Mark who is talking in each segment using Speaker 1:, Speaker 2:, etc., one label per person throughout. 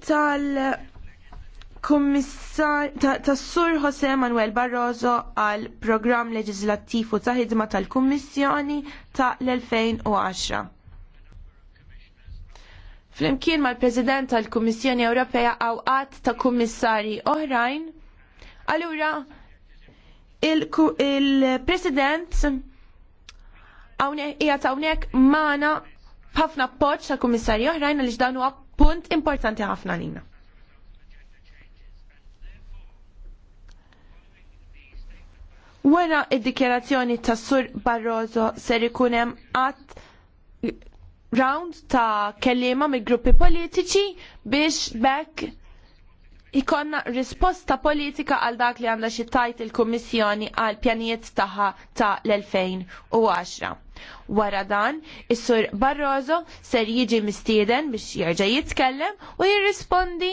Speaker 1: tal kummissar tas-Sur Jose Manuel Barroso għal programm leġislattiv u ta' ħidma tal-Kummissjoni ta' l-2010. Flimkien mal-President tal-Kummissjoni Ewropea għaw ta' kummissari oħrajn, allura il-President il għawnek, jgħat ħafna appoċ ta' kummissari oħrajn għaliex dan huwa punt importanti ħafna lina. Wara id-dikjerazzjoni ta' Sur Barroso ser ikun hemm qatt round ta' kelliema mill-gruppi politiċi biex bekk ikonna risposta politika għal dak li għandha xi tajt il-Kummissjoni għal pjanijiet tagħha ta' l-2010. Wara dan, is-Sur Barroso ser jiġi mistieden biex jerġa' jitkellem u jirrispondi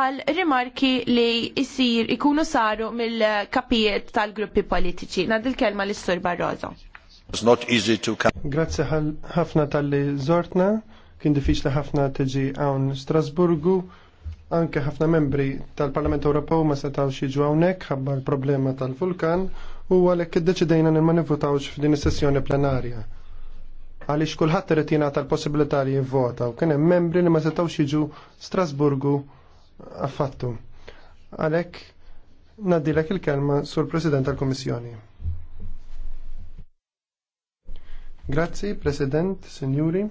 Speaker 1: għal rimarki li jsir ikunu saru mill-kapijiet tal-gruppi politiċi. Nad il-kelma lis sur Barroso.
Speaker 2: Grazzi ħafna tal-li zortna, kien diffiċli ħafna tiġi hawn Strasburgu Anke ħafna membri tal-Parlament Ewropew ma setaw jiġu hawnhekk ħabba l-problema tal-vulkan u għalhekk iddeċidejna li ma nivvutawx f'din is-sessjoni plenarja. Għaliex kulħadd irid jingħata l-possibilità li jivvota u kien hemm membri li ma setgħux jiġu Strasburgu affattu. Għalhekk nadilek il-kelma sur President tal-Kummissjoni. Grazzi, President, Signuri.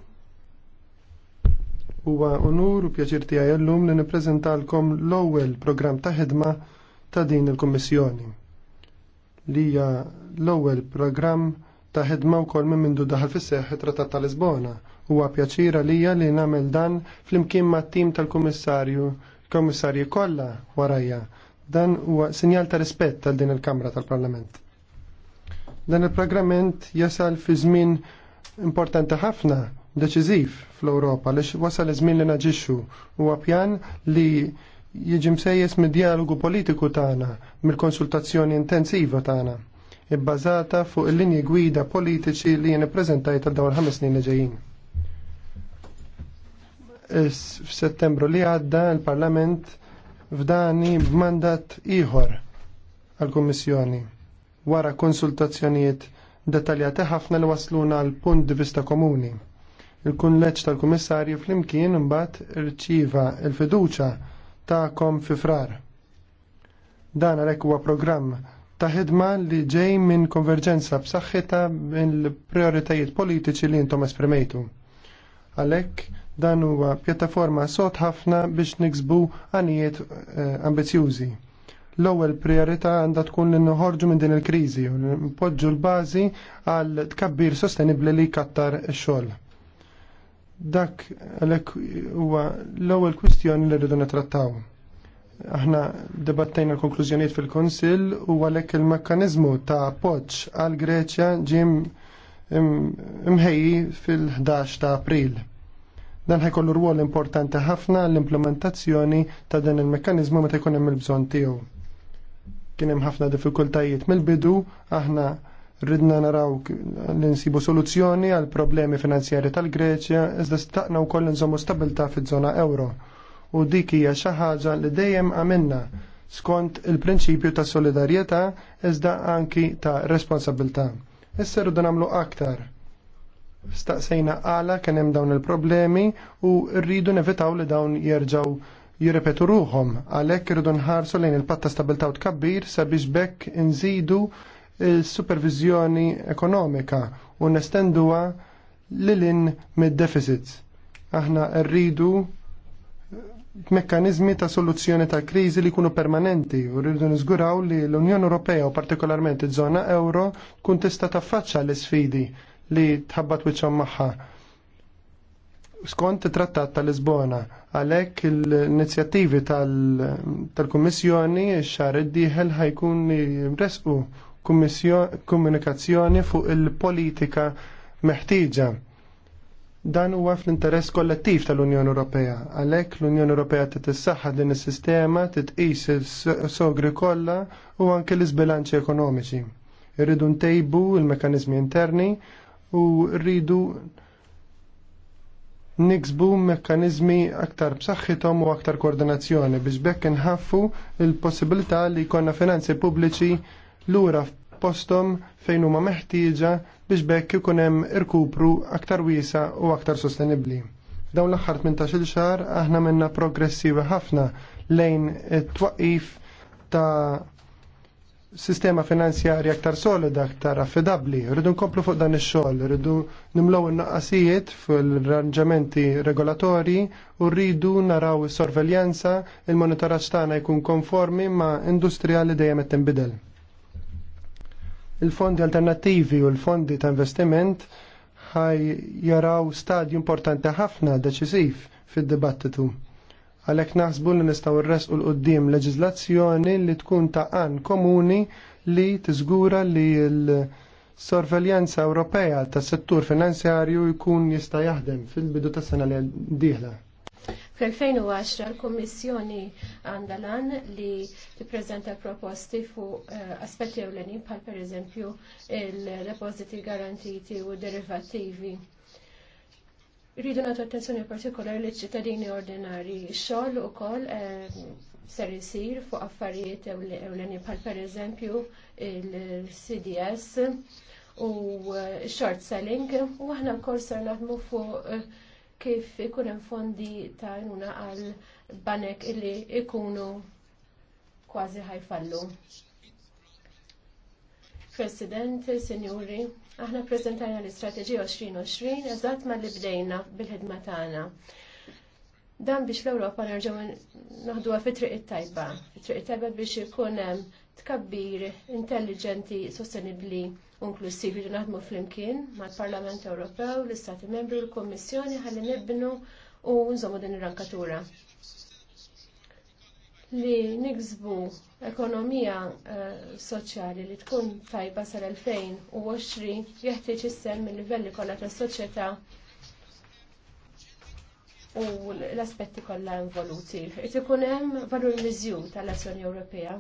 Speaker 2: Huwa onur u pjaċir tiegħi llum li nippreżentalkom l-ewwel programm ta' ħidma ta' din il-Kummissjoni. Li hija l-ewwel programm ta' ħidma wkoll minn mindu daħal fis-seħħ it-Trattat ta' Lisbona. Huwa pjaċira lija li nagħmel dan flimkien mat-tim tal-Kummissarju Kommissarji kollha warajja. Dan huwa sinjal ta' rispett għal din il-Kamra tal-Parlament dan il-programment jasal fi żmien importanti ħafna deċiżiv fl-Ewropa li wasal iż-żmien li naġixxu huwa pjan li jiġi msejjes mid-dialogu politiku tagħna, mill-konsultazzjoni intensiva tagħna, ibbażata fuq il-linji gwida politiċi li jien ippreżentajt għal dawn ħames snin li ġejjin. F'Settembru li għadda l parlament f'dani b'mandat ieħor għall-Kummissjoni wara konsultazzjonijiet dettaljati ħafna li wasluna għal punt di vista komuni. Il-kunleġġ tal-Kummissarju flimkien imbagħad irċiva l fiduċja tagħkom fi frar. Dan għalhekk huwa programm ta' ħidma li ġej minn konverġenza b'saħħitha mill prioritajiet politiċi li intom esprimejtu. Għalhekk dan huwa pjattaforma sot ħafna biex niksbu għanijiet eh, ambizjużi. L-ewwel prijorità għandha tkun li noħorġu minn din il-kriżi u npoġġu l-bażi għal tkabbir sostenibbli li kattar ix-xogħol. Dak għalek huwa l-ewwel kwistjoni li rridu nitrattaw. Aħna debattejna l-konklużjonijiet fil-Konsil u għalek il-mekkaniżmu ta' appoġġ għal Greċja ġim imħejji fil-11 ta' April. Dan ħajkollu rwol importanti ħafna l-implementazzjoni ta' dan il-mekkaniżmu meta jkun hemm il-bżonn tiegħu. Kien hemm ħafna diffikultajiet mill-bidu, aħna ridna naraw li nsibu soluzzjoni għal problemi finanzjari tal-Greċja, iżda staqna u koll nżomu stabilta fil-zona euro. U dik hija xi ħaġa li dejjem għamilna skont il-prinċipju ta' solidarjetà iżda anki ta' responsabilità. Issa rridu nagħmlu aktar. Staqsejna għala kien hemm dawn il-problemi u rridu nevitaw li dawn jerġgħu jirrepetu ruhom għalhekk irridu nħarsu lejn il-patta stabilta' u tkabbir sabiex bekk inżidu il-supervizjoni ekonomika u nestenduha lilin mid-deficit. Aħna rridu mekkanizmi ta' soluzzjoni ta' kriżi li jkunu permanenti u rridu niżguraw li l-Unjoni Ewropea u partikolarment iż-żona euro kun tista' taffaċċa l isfidi li tħabbat wiċċhom magħha. Skont it-Trattat ta' Lisbona, għalhekk l-inizjattivi tal-Kummissjoni x-xahar id-dieħel ħajkun resqu komunikazzjoni fuq il-politika meħtieġa. Dan huwa fl-interess kollettiv tal-Unjoni Ewropea. Għalhekk l-Unjoni Ewropea titissaħħa din is-sistema titqis is-sogri kollha u anke l-iżbilanċi ekonomiċi. Irridu ntejbu l-mekkaniżmi interni u rridu niksbu mekanizmi aktar b'saħħithom u aktar koordinazzjoni biex bekk inħaffu il-possibilità li jkollna finanzi pubbliċi lura postom fejn huma meħtieġa biex bekk ikun hemm irkupru aktar wiesa u aktar sostenibbli. Dawn l-aħħar 18-il xahar aħna minna progressivi ħafna lejn it-twaqif ta' sistema finanzjarja aktar solida, aktar affidabli. Rridu nkomplu fuq dan ix-xogħol, rridu nimlow in-naqqasijiet fil ranġamenti regolatorji u rridu naraw is-sorveljanza, il-monitoraġġ tagħna jkun konformi ma' industrija li dejjem qed tinbidel il-fondi alternattivi u l-fondi ta' investiment ħaj jaraw stadju importanti ħafna deċisiv fid-dibattitu. Għalek naħsbu li nistaw res u l-qoddim leġizlazzjoni li tkun ta' għan komuni li tiżgura li l-sorveljanza Ewropea tas settur finanzjarju jkun jista' jaħdem fil-bidu tas sena li d-dieħla.
Speaker 3: Fl-2010 l-Kommissjoni għandha lan li tippreżenta proposti fuq eh, aspetti ewlenin bħal pereżempju il-depositi garantiti u derivattivi. Rridu nagħtu attenzjoni partikolari li ċittadini ordinari xogħol ukoll eh, ser isir fuq affarijiet ewlenin bħal pereżempju il-CDS u eh, short selling u aħna wkoll ser naħdmu fuq kif ikun hemm fondi ta' jnuna għal banek illi ikunu kważi ħajfallu. President, Sinjuri, aħna prezentajna l-Istrateġija 2020 eżatt ma li bdejna bil-ħidma tagħna. Dan biex l-Ewropa nerġgħu naħduha fi triq it-tajba, triq it-tajba biex ikun hemm tkabbir intelligenti, sostenibbli inklusivi li naħdmu flimkien mal-Parlament Ewropew, l-Istati Membri, l-Kommissjoni ħalli nibnu u nżommu din ir-rankatura. Li nigżbu ekonomija eh, soċjali li tkun tajba sal-2020 jeħtieġ issem mill-livelli kollha tas-soċjetà u l-aspetti kollha involuti. Qed ikun hemm valur miżjud tal-azzjoni Ewropea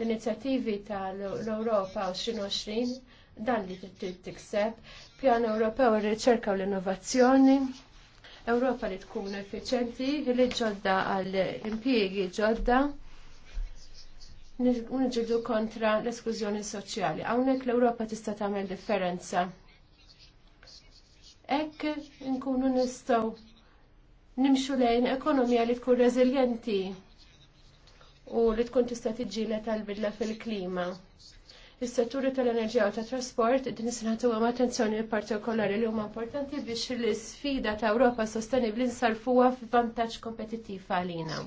Speaker 3: l-inizjattivi tal ewropa 2020 dan li trid tikseb, pjan Ewropew ir-riċerka u l-innovazzjoni, Ewropa li tkun effiċenti, li ġodda għal impjiegi ġodda, unġidu kontra l-esklużjoni soċjali. Hawnhekk l-Ewropa tista' tagħmel differenza. Hekk nkunu nistgħu nimxu lejn ekonomija li tkun reżiljenti u li tkun tista' tiġġiela tal-bidla fil-klima. Is-setturi tal-enerġija u tat-trasport din isnatu għam attenzjoni partikolari li huma importanti biex l-sfida ta' Ewropa sostenibli nsarfuha f'vantaġġ kompetittiv għalina.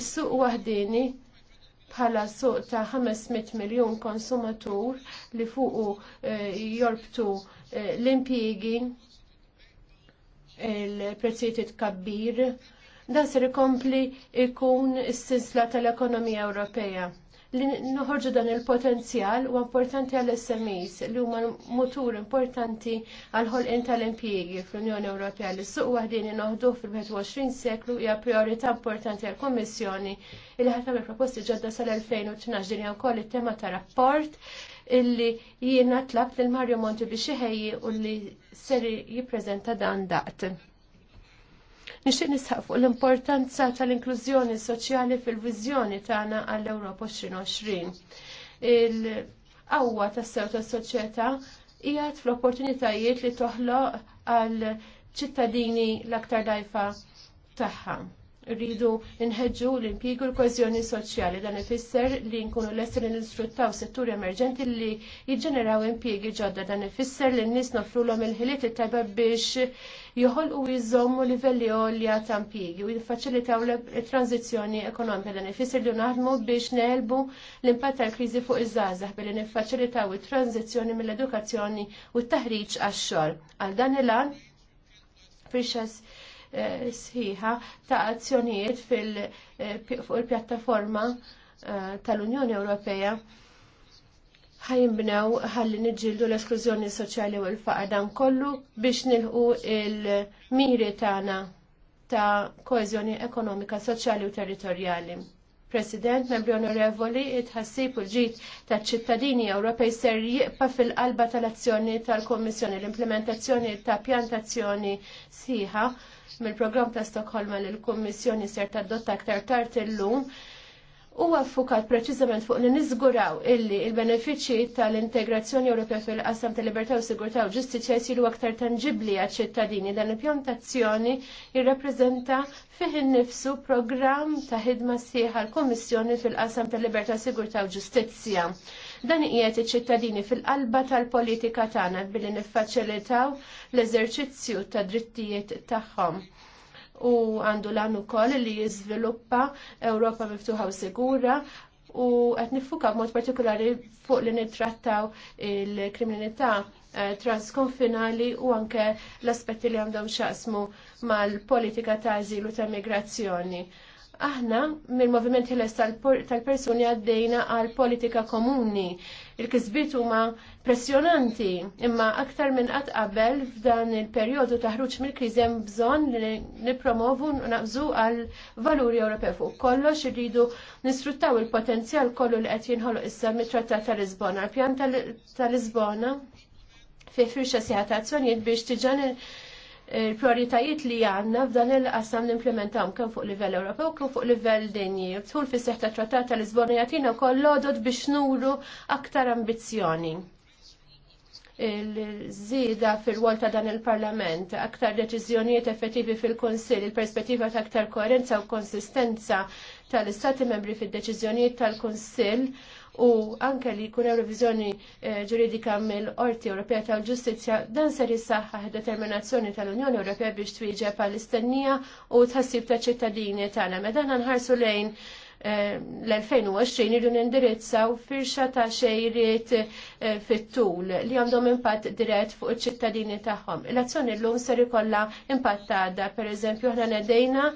Speaker 3: Is-suq waħdini bħala suq ta' 500 miljun konsumatur li fuqu eh, jorbtu eh, l impjiegi il-prezzijiet kabbir, dan se jkompli ikun is-sinsla tal-ekonomija Ewropea li noħorġu dan il-potenzjal u importanti għall smis li huma motur importanti għal ħolqien tal-impjiegi fl-Unjoni Ewropea li suq waħdini noħdu fil-21 seklu hija priorità importanti għal kommissjoni li ħadd tagħmel proposti ġodda sal-2012 din hija wkoll it-tema ta' rapport illi jiena tlabt lil Mario Monti biex iħejji u li seri jippreżenta dan daqt. Nixtieq nisħaq fuq l-importanza tal-inklużjoni soċjali fil-viżjoni tagħna għall-Ewropa 2020. Il-qawwa tas-sew tas-soċjetà hija fl-opportunitajiet li toħloq għal ċittadini l-aktar dajfa tagħha rridu nħedġu l-impiegu l-kozjoni soċjali dan ifisser li nkunu l li nisfruttaw setturi emerġenti li jiġġeneraw impiegi ġodda dan ifisser li n-nis nofru l il-ħiliet it-tajba biex joħol u jizzomu livelli għolja ta' impiegi u jiffaċilitaw l-tranzizjoni ekonomika dan ifisser li naħdmu biex neħelbu l-impatt tal-krizi fuq iż żazah billi niffaċilitaw it-tranzizjoni mill-edukazzjoni u t-taħriġ għax-xogħol. Għal dan il-għan, sħiħa ta' azzjonijiet eh, fuq il-pjattaforma eh, tal-Unjoni Ewropea ħajnbnew ħalli niġġieldu l-esklużjoni soċjali u l-faqar dan kollu biex nilħu il-miri tagħna ta' koezjoni ekonomika, soċjali u territorjali. President, membri onorevoli, itħassib u ġit ta' ċittadini Ewropej ser jibqa fil-qalba tal-azzjoni tal-Kommissjoni l-implementazzjoni ta' pjantazzjoni sħiħa mill-programm ta' Stockholma li l-Kummissjoni ser tadotta aktar tard illum huwa ffukat preċiżament fuq li niżguraw illi il-benefiċċji tal-integrazzjoni Ewropea fil-qasam tal-libertà u sigurtà u ġustizzja jsiru aktar tanġibbli għaċ-ċittadini. Dan il pjantazzjoni tazzjoni jirrappreżenta fih innifsu programm ta' ħidma sħiħa l-Kummissjoni fil-qasam tal-libertà sigurtà u ġustizzja. Dan qiegħed iċ-ċittadini fil-qalba tal-politika tagħna billi niffaċilitaw l-eżerċizzju ta' drittijiet tagħhom u għandu l-għan ukoll li jiżviluppa Ewropa miftuħa u sigura u qed nifuka b'mod partikolari fuq li nittrattaw il-kriminalità eh, transkonfinali u anke l-aspetti li għandhom xaqsmu mal-politika ta' azilu ta' migrazzjoni. Aħna mill-moviment ħeles tal-persuni għaddejna għal politika komuni. Il-kisbit huma pressjonanti, imma aktar minn qatt qabel f'dan il-perjodu ta' ħruġ mill-kriżi hemm bżonn li nippromovu naqżu għal valuri Ewropew fuq kollox irridu nisfruttaw il-potenzjal kollu li qed jinħoloq issa mit-Trattat ta' Lisbona. pjan tal Lisbona fi firxa ta' azzjonijiet biex tiġan il-prioritajiet li għanna f'dan il-qasam l-implementaw kem fuq livell Ewropew kem fuq livell dinji. Tħul fis seħta trattat tal-Lisbona jatina kollodot biex nuru aktar ambizjoni. Il-żida fil-wol ta' dan il-Parlament, aktar deċiżjonijiet effettivi fil-Konsil, il-perspettiva ta' aktar koerenza u konsistenza tal-Istati membri fil-deċiżjonijiet tal-Konsil u anke li jkun hemm reviżjoni eh, ġuridika mill-Qorti Ewropea tal-Ġustizzja dan ser jissaħħaħ determinazzjoni tal-Unjoni Ewropea biex twieġeb għall-istennija u tħassib ta' ċittadini tagħna. Meta nħarsu lejn eh, l-2020 irridu nindirizzaw firxa ta' xejriet eh, fit-tul li għandhom impatt dirett fuq iċ-ċittadini tagħhom. L-azzjoni llum ser ikollha impatt għadha, pereżempju aħna nedejna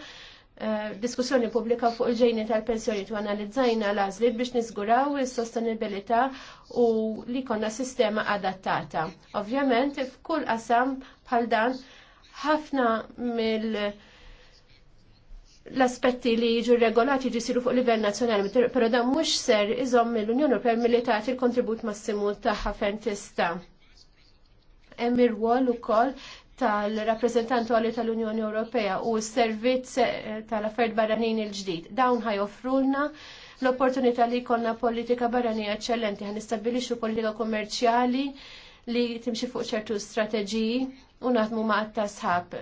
Speaker 3: Eh, diskussjoni pubblika fuq il-ġejni tal-pensjoni tu analizzajna l biex nizguraw il-sostenibilità u li konna sistema adattata. Ovvjament, f'kull qasam bħal dan, ħafna mill- l-aspetti li jiġu regolati ġisiru fuq livell nazjonali, pero dan mhux ser iżomm mill-Unjoni Europea milli tagħti il kontribut massimu taħħa fentista. tista' hemm u rwol ukoll tal-rappresentantu għalli tal-Unjoni Ewropea u s-servizz eh, tal-affarijiet barranin il-ġdid. Dawn ħajofrulna l-opportunità li jkollna politika barranija eċċellenti ħan nistabilixxu politika kommerċjali li timxi fuq ċertu strateġiji u naħdmu ma' tasħab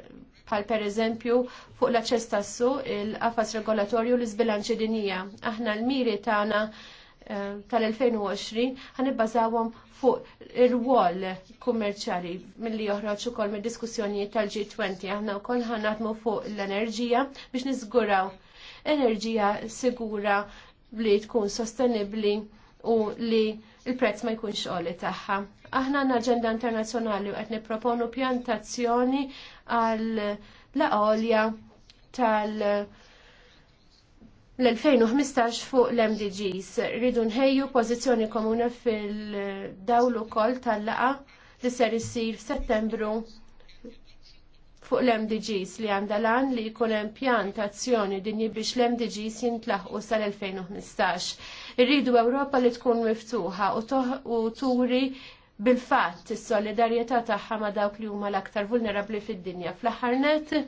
Speaker 3: bħal per eżempju fuq l-aċċess tassu il-qafas regolatorju l iżbilanċi dinija. Aħna l-miri tagħna eh, tal-2020 ħanibbażawhom fuq ir-wol kummerċali milli joħroġ ukoll mid-diskussjonijiet tal-G20 aħna wkoll ħanatmu fuq l-enerġija biex niżguraw enerġija sigura li tkun sostenibbli u li il-prezz ma jkunx qoli tagħha. Aħna għandna aġenda internazzjonali u qed nipproponu pjantazzjoni għal laqolja tal- l-2015 fuq l-MDGs. Rridu nħejju pożizzjoni komuni fil-dawl ukoll tal-laqa li ser isir f'Settembru fuq l-MDGs li għandalan li jkun pjan ta' azzjoni dinji biex l-MDGs jintlaħqu sal-2015. Irridu Ewropa li tkun miftuħa u turi bil-fatt is-solidarjetà tagħha ma' dawk li huma l-aktar vulnerabbli fid-dinja. Fl-aħħar net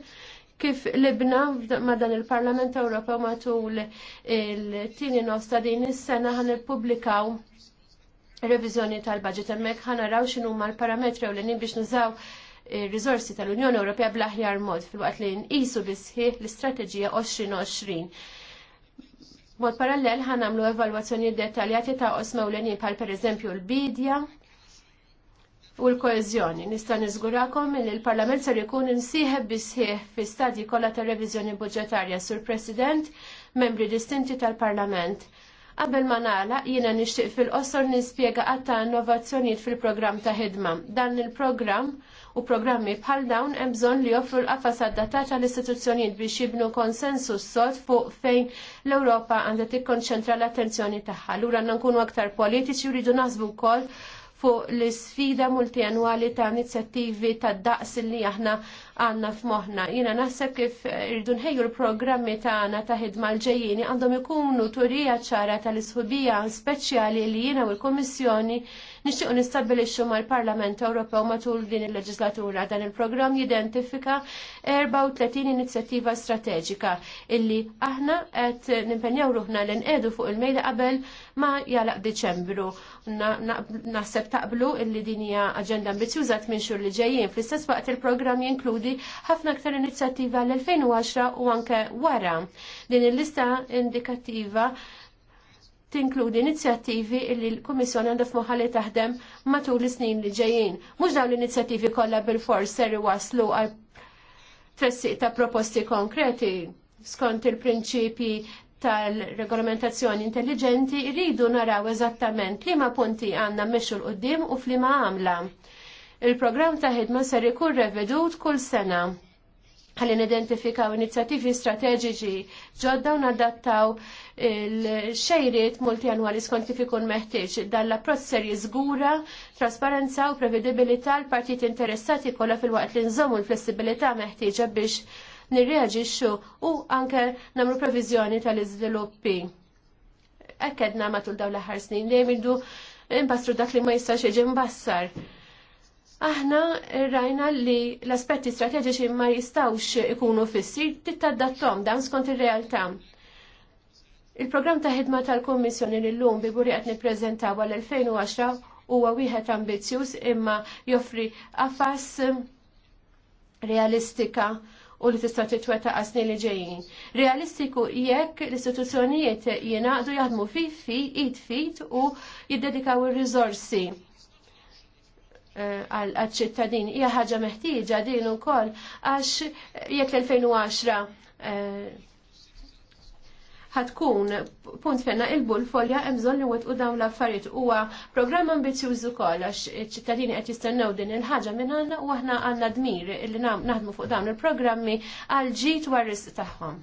Speaker 3: kif libna ma dan il-Parlament Ewropew matul il-tini nosta din is-sena ħan ippubblikaw revizjoni tal-budget hemmhekk ħan naraw x'inhu huma l-parametri ewlenin biex nużaw ir-riżorsi tal-Unjoni Ewropea bl-aħjar mod fil-waqt li nqisu bisħieħ l-istrateġija 2020. Mod parallel ħan nagħmlu evalwazzjoni dettaljati ta' osma ewlenin bħal pereżempju l-bidja, u l-koezjoni. Nista' niżgurakom li l-Parlament ser jkun insieħeb bisħieħ fi stadji kollha ta' reviżjoni budġetarja sur President, membri distinti tal-Parlament. Qabel ma nagħla jiena nixtieq fil-qosor nispjega għatta innovazzjonijiet fil-programm ta' ħidma. Dan il-programm u programmi bħal dawn hemm bżonn li joffru l-qafas adattata l istituzzjonijiet biex jibnu konsensus sod fuq fejn l-Ewropa għandha tikkonċentra l-attenzjoni tagħha. Lura nkunu aktar politiċi u rridu naħsbu wkoll fuq l-sfida multianwali ta' inizjattivi ta' daqs li aħna għanna f'moħna. Jina naħseb kif irridu nħejju l-programmi tagħna ta' ħidma l-ġejjini għandhom ikunu turija ċara tal-isħubija speċjali li jiena u l-Komissjoni Nixtiequ nistabilixxu mal-Parlament Ewropew matul din il-leġislatura dan il-programm jidentifika 34 inizjattiva strateġika illi aħna qed nimpenjaw ruħna l nqedu fuq il-mejda qabel ma jalaq Deċembru. Naħseb taqblu illi din hija aġenda ambizjuża minn xhur li ġejjin. Fl-istess waqt il-programm jinkludi ħafna aktar inizjattiva l-2010 u anke wara. Din il-lista indikattiva tinkludi inizjattivi li l-Kummissjoni għandha f'moħħa li taħdem matul is-snin li ġejjin. Mhux dawn l-inizjattivi kollha bil-fors ser waslu għal tressiq ta' proposti konkreti skont il-prinċipji tal-regolamentazzjoni intelligenti rridu naraw eżattament liema punti għandna mmexxu l qudiem u f'liema għamla. Il-programm ta' ħidma ser ikun revedut kull sena ħalli nidentifikaw inizjattivi strateġiċi ġodda u nadattaw il-xejriet multianwali skont kif ikun meħtieġ. Dan l-approċċ ser jiżgura trasparenza u prevedibilità l partit interessati kollha fil-waqt li nżommu l-flessibilità meħtieġa biex nirreaġixxu u anke nagħmlu proviżjoni tal-iżviluppi. Ekkedna matul dawn l-aħħar snin dejjem imbastru dak li ma jistax jiġi mbassar aħna rajna li l-aspetti strateġiċi ma jistawx ikunu fissir tittadattom dan skont ir-realtà. Il-programm ta' ħidma tal-Kommissjoni l-lum bi buri qed nippreżentaw għal-2010 huwa wieħed ambizjuż imma joffri qafas realistika u li tista' titweta għasni li ġejjin. Realistiku jekk l-istituzzjonijiet jingħaqdu jaħdmu fi fi id fit u jiddedikaw ir-riżorsi Eh, għal-ċittadin hija ħaġa meħtieġa din ukoll għax jekk l-2010 eh, ħatkun punt fejna il l-folja hemm bżonn li u dawn l-affarijiet huwa programm ambizjuż ukoll għax iċ-ċittadini qed jistennew din il-ħaġa minn għandna u aħna għandna dmir li naħdmu fuq dawn il-programmi għal ġid warris tagħhom.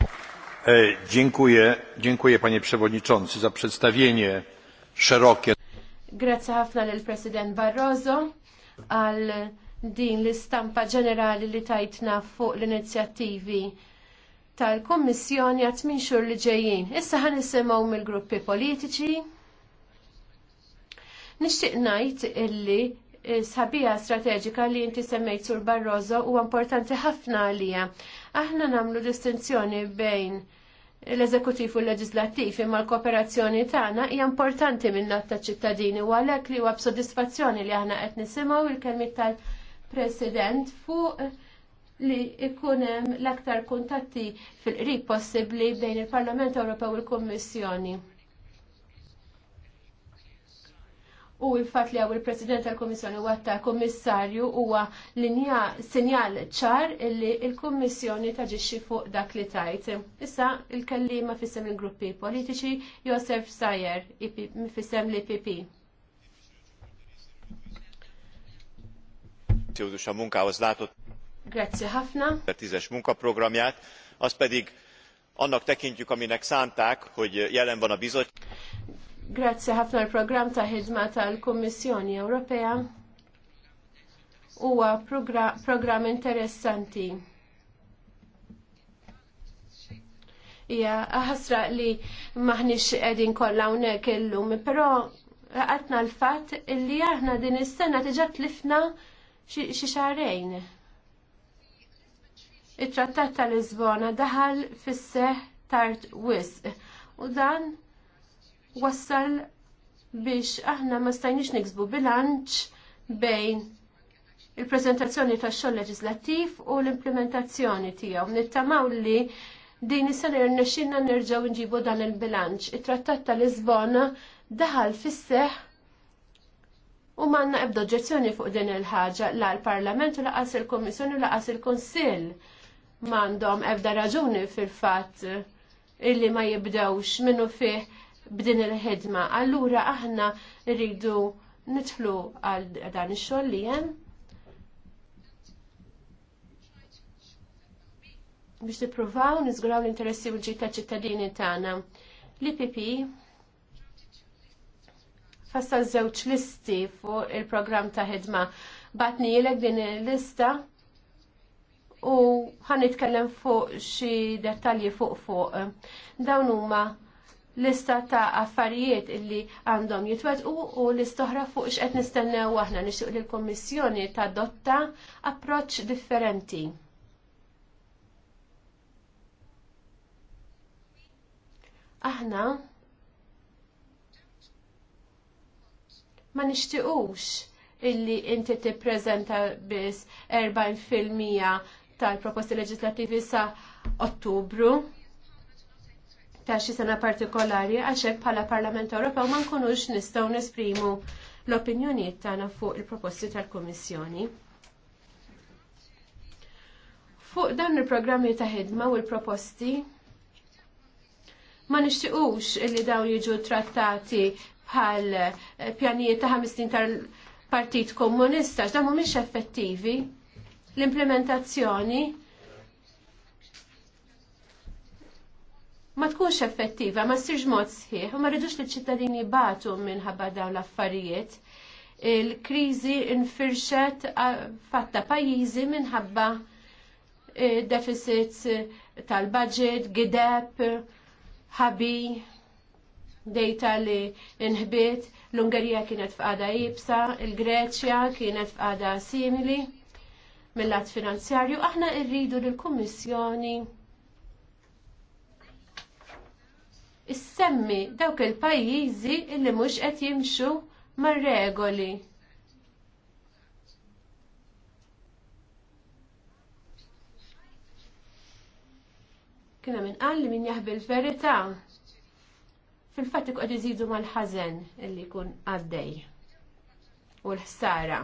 Speaker 2: Eh, dziękuję, dziękuję panie przewodniczący za przedstawienie szerokie.
Speaker 3: Grazie ħafna lill President Barroso għal din l-istampa ġenerali li tajtna fuq l-inizjattivi tal-Kommissjoni għat minxur li ġejjin. Issa ħan nisimaw mill-gruppi politiċi. Nixtieq ngħid illi sħabija strateġika li inti semmejt sur Barroso huwa importanti ħafna għalija. Aħna nagħmlu distinzjoni bejn l eżekutif u l-leġislattiv imma l-kooperazzjoni tagħna hija importanti minnat ta' ċittadini u għalhekk li huwa b'sodisfazzjoni li aħna qed nisimgħu il-kelmiet tal-President fuq li ikun hemm l-aktar kuntatti fil-qrib possibbli bejn il-Parlament Ewropew u l-Kummissjoni. u il-fat li għaw il-President tal-Komissjoni u għatta Komissarju huwa linja sinjal ċar li il-Komissjoni taġiċi fuq dak li tajt. Issa il ma fissem il-gruppi politiċi Josef Sajer fissem li PP.
Speaker 1: Tiħudu xa munkához látott.
Speaker 3: Grazie ħafna.
Speaker 1: Tiħudu Tízes munkaprogramját, az pedig annak tekintjuk, aminek szánták, hogy jelen van a bizottság
Speaker 3: Grazzi ħafna l-programm ta' ħidma tal-Kummissjoni Ewropea huwa programm interessanti. Ija, ħasra li maħniex qegħdin kollha hawnhekk illum, però għatna l-fatt illi aħna din is-sena tiġa tlifna xi xarejn. it trattat tal-Lisbona daħal fis-seħ tard wisq u dan wassal biex aħna ma stajniex niksbu bilanċ bejn il-prezentazzjoni tax xogħol leġislattiv u l-implementazzjoni tiegħu. Nittamaw li din is-sena irnexxinna nerġgħu nġibu dan il-bilanċ. It-Trattat ta' Lisbon daħal fis-seħ u manna ebda oġġezzjoni fuq din il-ħaġa la l-Parlament u laqas il kummissjoni u laqas il kunsill m'għandhom ebda raġuni fil-fatt illi ma jibdewx minnu fih b'din il-ħidma. Allura aħna rridu nitflu għal dan ix-xogħol li hemm. biex nippruvaw niżguraw l-interessi u ġita ċittadini tagħna. L-IPP fassa żewġ listi fuq il-programm ta' ħidma. Batni jilek din il-lista u ħan nitkellem fuq xi dettalji fuq fuq. Dawn huma lista ta' affarijiet illi għandhom jitwetqu u l-istoħra fuq x'qed nistennew aħna nixtieq li l kummissjoni tadotta approċċ differenti. Aħna ma nixtiequx illi inti tippreżenta biss 40% tal-proposti leġislattivi sa' Ottubru ta' xi sena partikolari għax hekk bħala Parlament Ewropew ma nkunux nistgħu nesprimu l-opinjonijiet tagħna fuq il-proposti tal-Kummissjoni. Fuq dan il-programmi ta' ħidma u l-proposti ma nixtiequx li dawn jiġu trattati bħal eh, pjanijiet ta' ħamistin tal-Partit Komunista, x'dan mhumiex effettivi. L-implementazzjoni ma tkunx effettiva, ma sirx mod sħiħ, u ma rridux li ċittadini batu minħabba dawn l-affarijiet. Il-krizi infirxet fatta pajizi minħabba e, deficit tal-budget, gidep, ħabi, dejta li inħbit, l-Ungerija kienet f'għada jibsa, il-Greċja kienet f'għada simili mill-lat finanzjarju, aħna irridu l-Kummissjoni issemmi dawk il-pajjiżi illi mhux qed jimxu mar-regoli. Kien minn qal li min jahbi l-verità. Fil-fatt iqgħod iżidu mal-ħażen illi jkun għaddej u l-ħsara.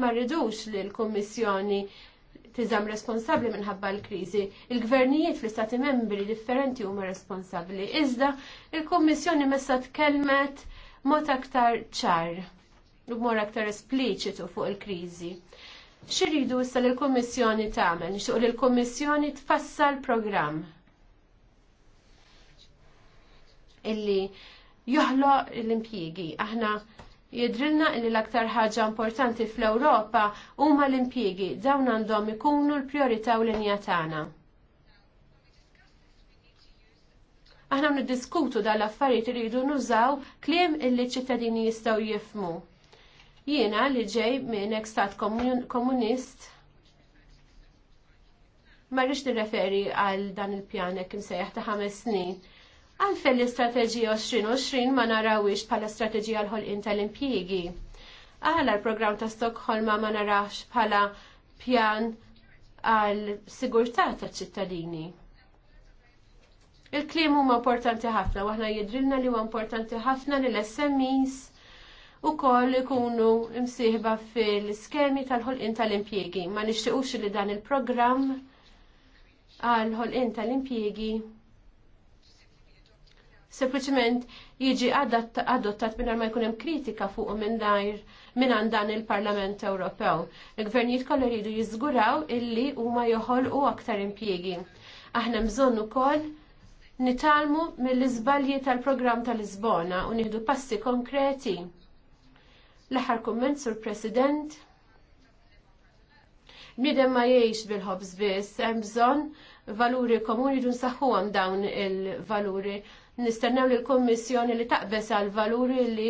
Speaker 3: Ma rridux li l-Kummissjoni tiżam responsabli responsabbli minħabba l-kriżi. Il-gvernijiet fl-istati membri differenti huma responsabbli. Iżda il-Kummissjoni messa tkellmet mod aktar ċar u b'mod aktar espliċitu fuq il-kriżi. Xiridu issa l-Kummissjoni tagħmel, nixtieq l-Kummissjoni tfassal programm illi joħloq l-impjiegi. Aħna Jidrilna li l-aktar ħaġa importanti fl-Ewropa huma l-impjiegi dawn għandhom ikunu l-priorità u l inja tagħna. Aħna niddiskutu dal-affarijiet iridu nużaw kliem illi ċittadini jistgħu jifmu. Jiena li ġej minn hekk stat komunist ma rridx nirreferi għal dan il-pjan hekk imsejjaħ ta' ħames snin Għalfejn l-istrateġija 2020 ma narawix bħala strateġija l-ħolqien tal-impjiegi. Għala l-programm ta' Stokholma ma narawx bħala pjan għal sigurtà tal-ċittadini. Il-klim huma importanti ħafna, waħna jidrilna li huwa importanti ħafna li l-SMEs u koll ikunu imsieħba fil-skemi tal-ħolqien tal-impjiegi. Ma nixtiequx li dan il-programm għal ħolqien tal-impjiegi sempliciment jiġi adottat minn ma jkun hemm kritika fuq minn dajr minn għandan il-Parlament Ewropew. Il-gvernijiet kollha jridu jiżguraw illi huma joħolqu aktar impjiegi. Aħna bżonn ukoll nitalmu mill-iżbalji tal-programm tal-Lisbona u nieħdu passi konkreti. L-aħħar kumment sur President. Bniedem ma jgħix bil-ħobż biss, hemm bżonn valuri komuni dun saħħuhom dawn il-valuri nistennew li l-Kommissjoni li taqbes għal valuri li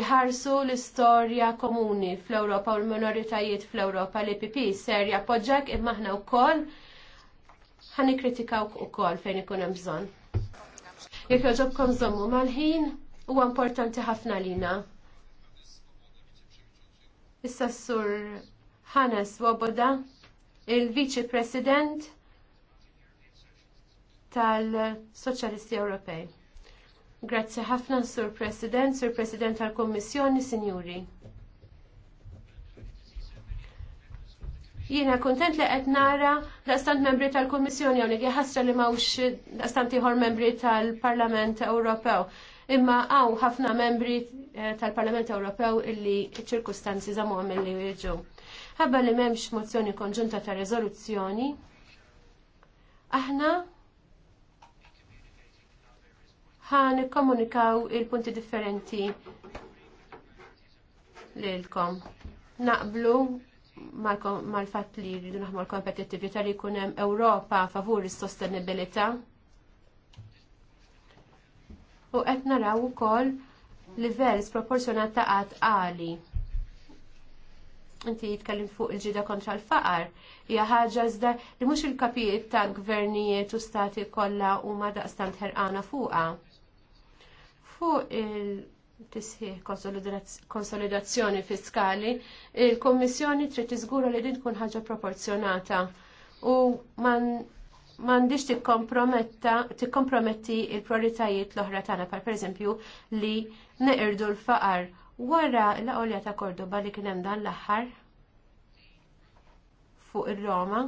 Speaker 3: iħarsu l-istorja komuni fl-Ewropa u l-minoritajiet fl-Ewropa li PP ser jappoġġak imma u wkoll ħani u kol fejn ikun hemm bżonn. Jekk joġobkom żommu mal-ħin huwa importanti ħafna lina. Issa s-sur Hannes Woboda, il-Viċi President tal-Soċjalisti Ewropej. Grazzi ħafna, Sur President, Sur President tal kommissjoni Sinjuri. Jiena kontent li qed nara daqstant membri tal-Kummissjoni hawnhekk ħassra li m'hawnx daqstant ieħor membri tal-Parlament Ewropew. Imma hawn ħafna membri eh, tal-Parlament Ewropew illi ċ-ċirkustanzi żagħmuhom milli jiġu. Ħabba li m'hemmx mozzjoni konġunta ta' riżoluzzjoni. Aħna ħan nikkomunikaw il-punti differenti lilkom. Naqblu mal-fatt li rridu naħmu l-kompetittività li jkun hemm Ewropa favur il sostenibilità U qed naraw ukoll livell sproporzjonat ta' qatt għali. Inti jitkellim fuq il-ġida kontra l-faqar. Hija ħaġa zda li mhux il-kapijiet ta' gvernijiet u stati kollha huma daqstant ħerqana fuqha. Fuq il-tisħiħ konsolidazzjoni fiskali, il-Kommissjoni trid tiżgura li din tkun ħaġa proporzjonata u m'għandix tikkomprometti il-prioritajiet l-oħra tagħna par pereżempju li neqirdu l-faqar wara l-qolja ta' Kordoba li kien hemm dan l-aħħar fuq ir-Roma.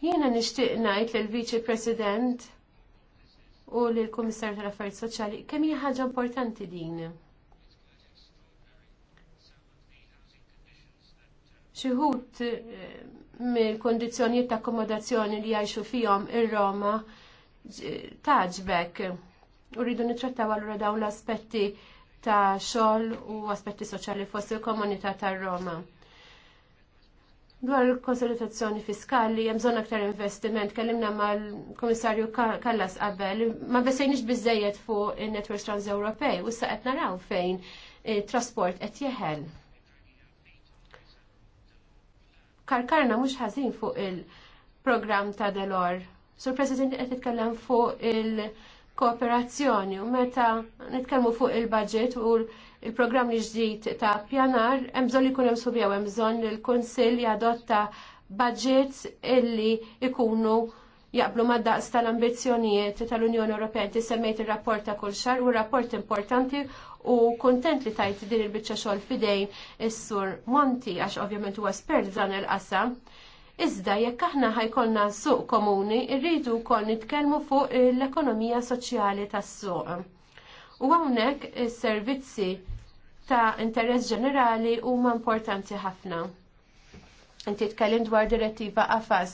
Speaker 3: Jiena nixtieq ngħid lill viċi President u lill komissar tal-Affarijiet Soċjali kemm hija ħaġa importanti din. Xi wħud eh, mill-kondizzjonijiet ta' akkomodazzjoni li jgħixu fihom ir-Roma eh, taġbek u rridu nittrattaw allura dawn l-aspetti ta' xogħol u aspetti soċjali fost il-komunità tar-Roma. Dwar il-konsolidazzjoni fiskali, hemm bżonn aktar investiment, kellimna mal-Komissarju Kallas qabel, ma besejniex biżejjed fuq in-networks trans-Ewropej, u qed naraw fejn trasport qed jeħel. Karkarna mhux ħażin fuq il-programm ta' Delor. Sur President qed titkellem fuq il-kooperazzjoni u meta nitkellmu fuq il-budget u l il-programm li ġdid ta' pjanar, hemm bżonn li kunem hemm emżon il bżonn li l-Kunsill jadotta budgets illi ikunu jaqblu ma' daqs tal-ambizzjonijiet tal-Unjoni Ewropea inti semmejt ir-rapport ta' kull xar u rapport importanti u kontent li tajt din il-biċċa xogħol fidejn is-sur Monti għax ovvjament huwa spert dan il-qasam. Iżda jekk aħna ħajkolna suq komuni, irridu wkoll nitkellmu fuq l-ekonomija soċjali tas-suq. U hawnhekk is-servizzi ta' interess ġenerali huma importanti ħafna. Inti tkellim dwar direttiva Afas.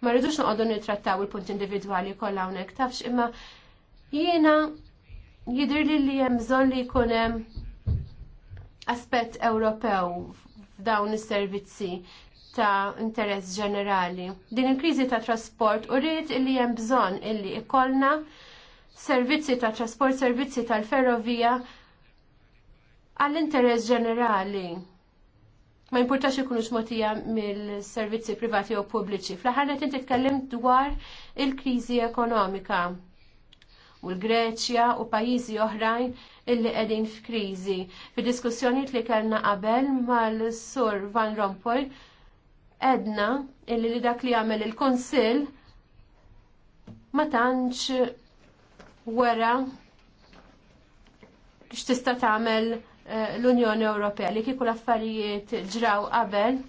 Speaker 3: Ma rridux noqogħdu nittrattaw il-punt individwali kollha hawnhekk tafx imma jiena jidher li li hemm bżonn li jkun hemm aspett Ewropew f'dawn is-servizzi ta' interess ġenerali. Din il-kriżi ta' trasport u rrid illi hemm bżonn illi ikollna servizzi ta' trasport, servizzi tal-ferrovija għall-interess ġenerali. Ma jimportax ikunux motija mill-servizzi privati u pubbliċi. Fl-ħarnet inti tkellim dwar il-kriżi ekonomika u l-Greċja u pajjiżi oħrajn illi qegħdin f'kriżi. Fid-diskussjonijiet li kellna qabel mal-Sur Van Rompuy edna illi li dak li għamel il-Konsil ma tantx wera x'tista' tagħmel eh, l-Unjoni Ewropea li kieku l-affarijiet ġraw qabel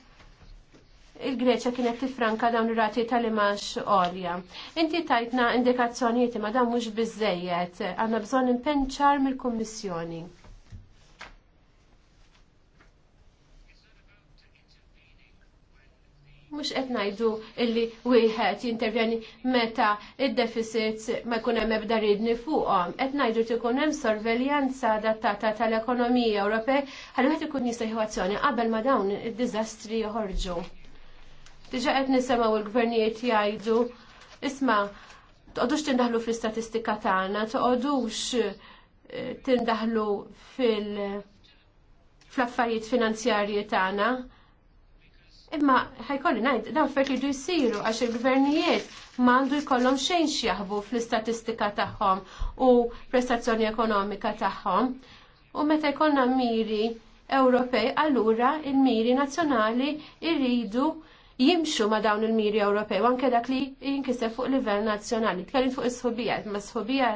Speaker 3: il-Greċja kienet tifranka dawn ir-rati tal-imax orja. Inti tajtna indikazzjonijiet ma dan mhux biżejjed, għandna bżonn impenċar mill-Kummissjoni. Mux qed ngħidu illi wieħed jintervjeni meta id-deficits ma jkun hemm ebda ridni fuqhom. Qed ngħidu tkun hemm sorveljanza adattata tal-ekonomija Ewropej ħalli wieħed ikun jista' qabel ma dawn id-diżastri joħorġu. Diġà qed nisimgħu l-gvernijiet jgħidu isma' toqgħodux tindaħlu fl-istatistika tagħna, toqgħodux eh, tindaħlu fil- fl-affarijiet finanzjarji tagħna Imma ħajkolli ngħid dawn fek affarijiet jisiru, jsiru għax il-gvernijiet m'għandu jkollhom xejn xieħbu fl-istatistika tagħhom u prestazzjoni ekonomika tagħhom. U meta jkollna miri Ewropej, allura il-miri nazzjonali jridu jimxu ma dawn il-miri Ewropej, u anke dak li jinkiseb fuq livell nazzjonali. Tkellim fuq is sħobija ma s-sħobija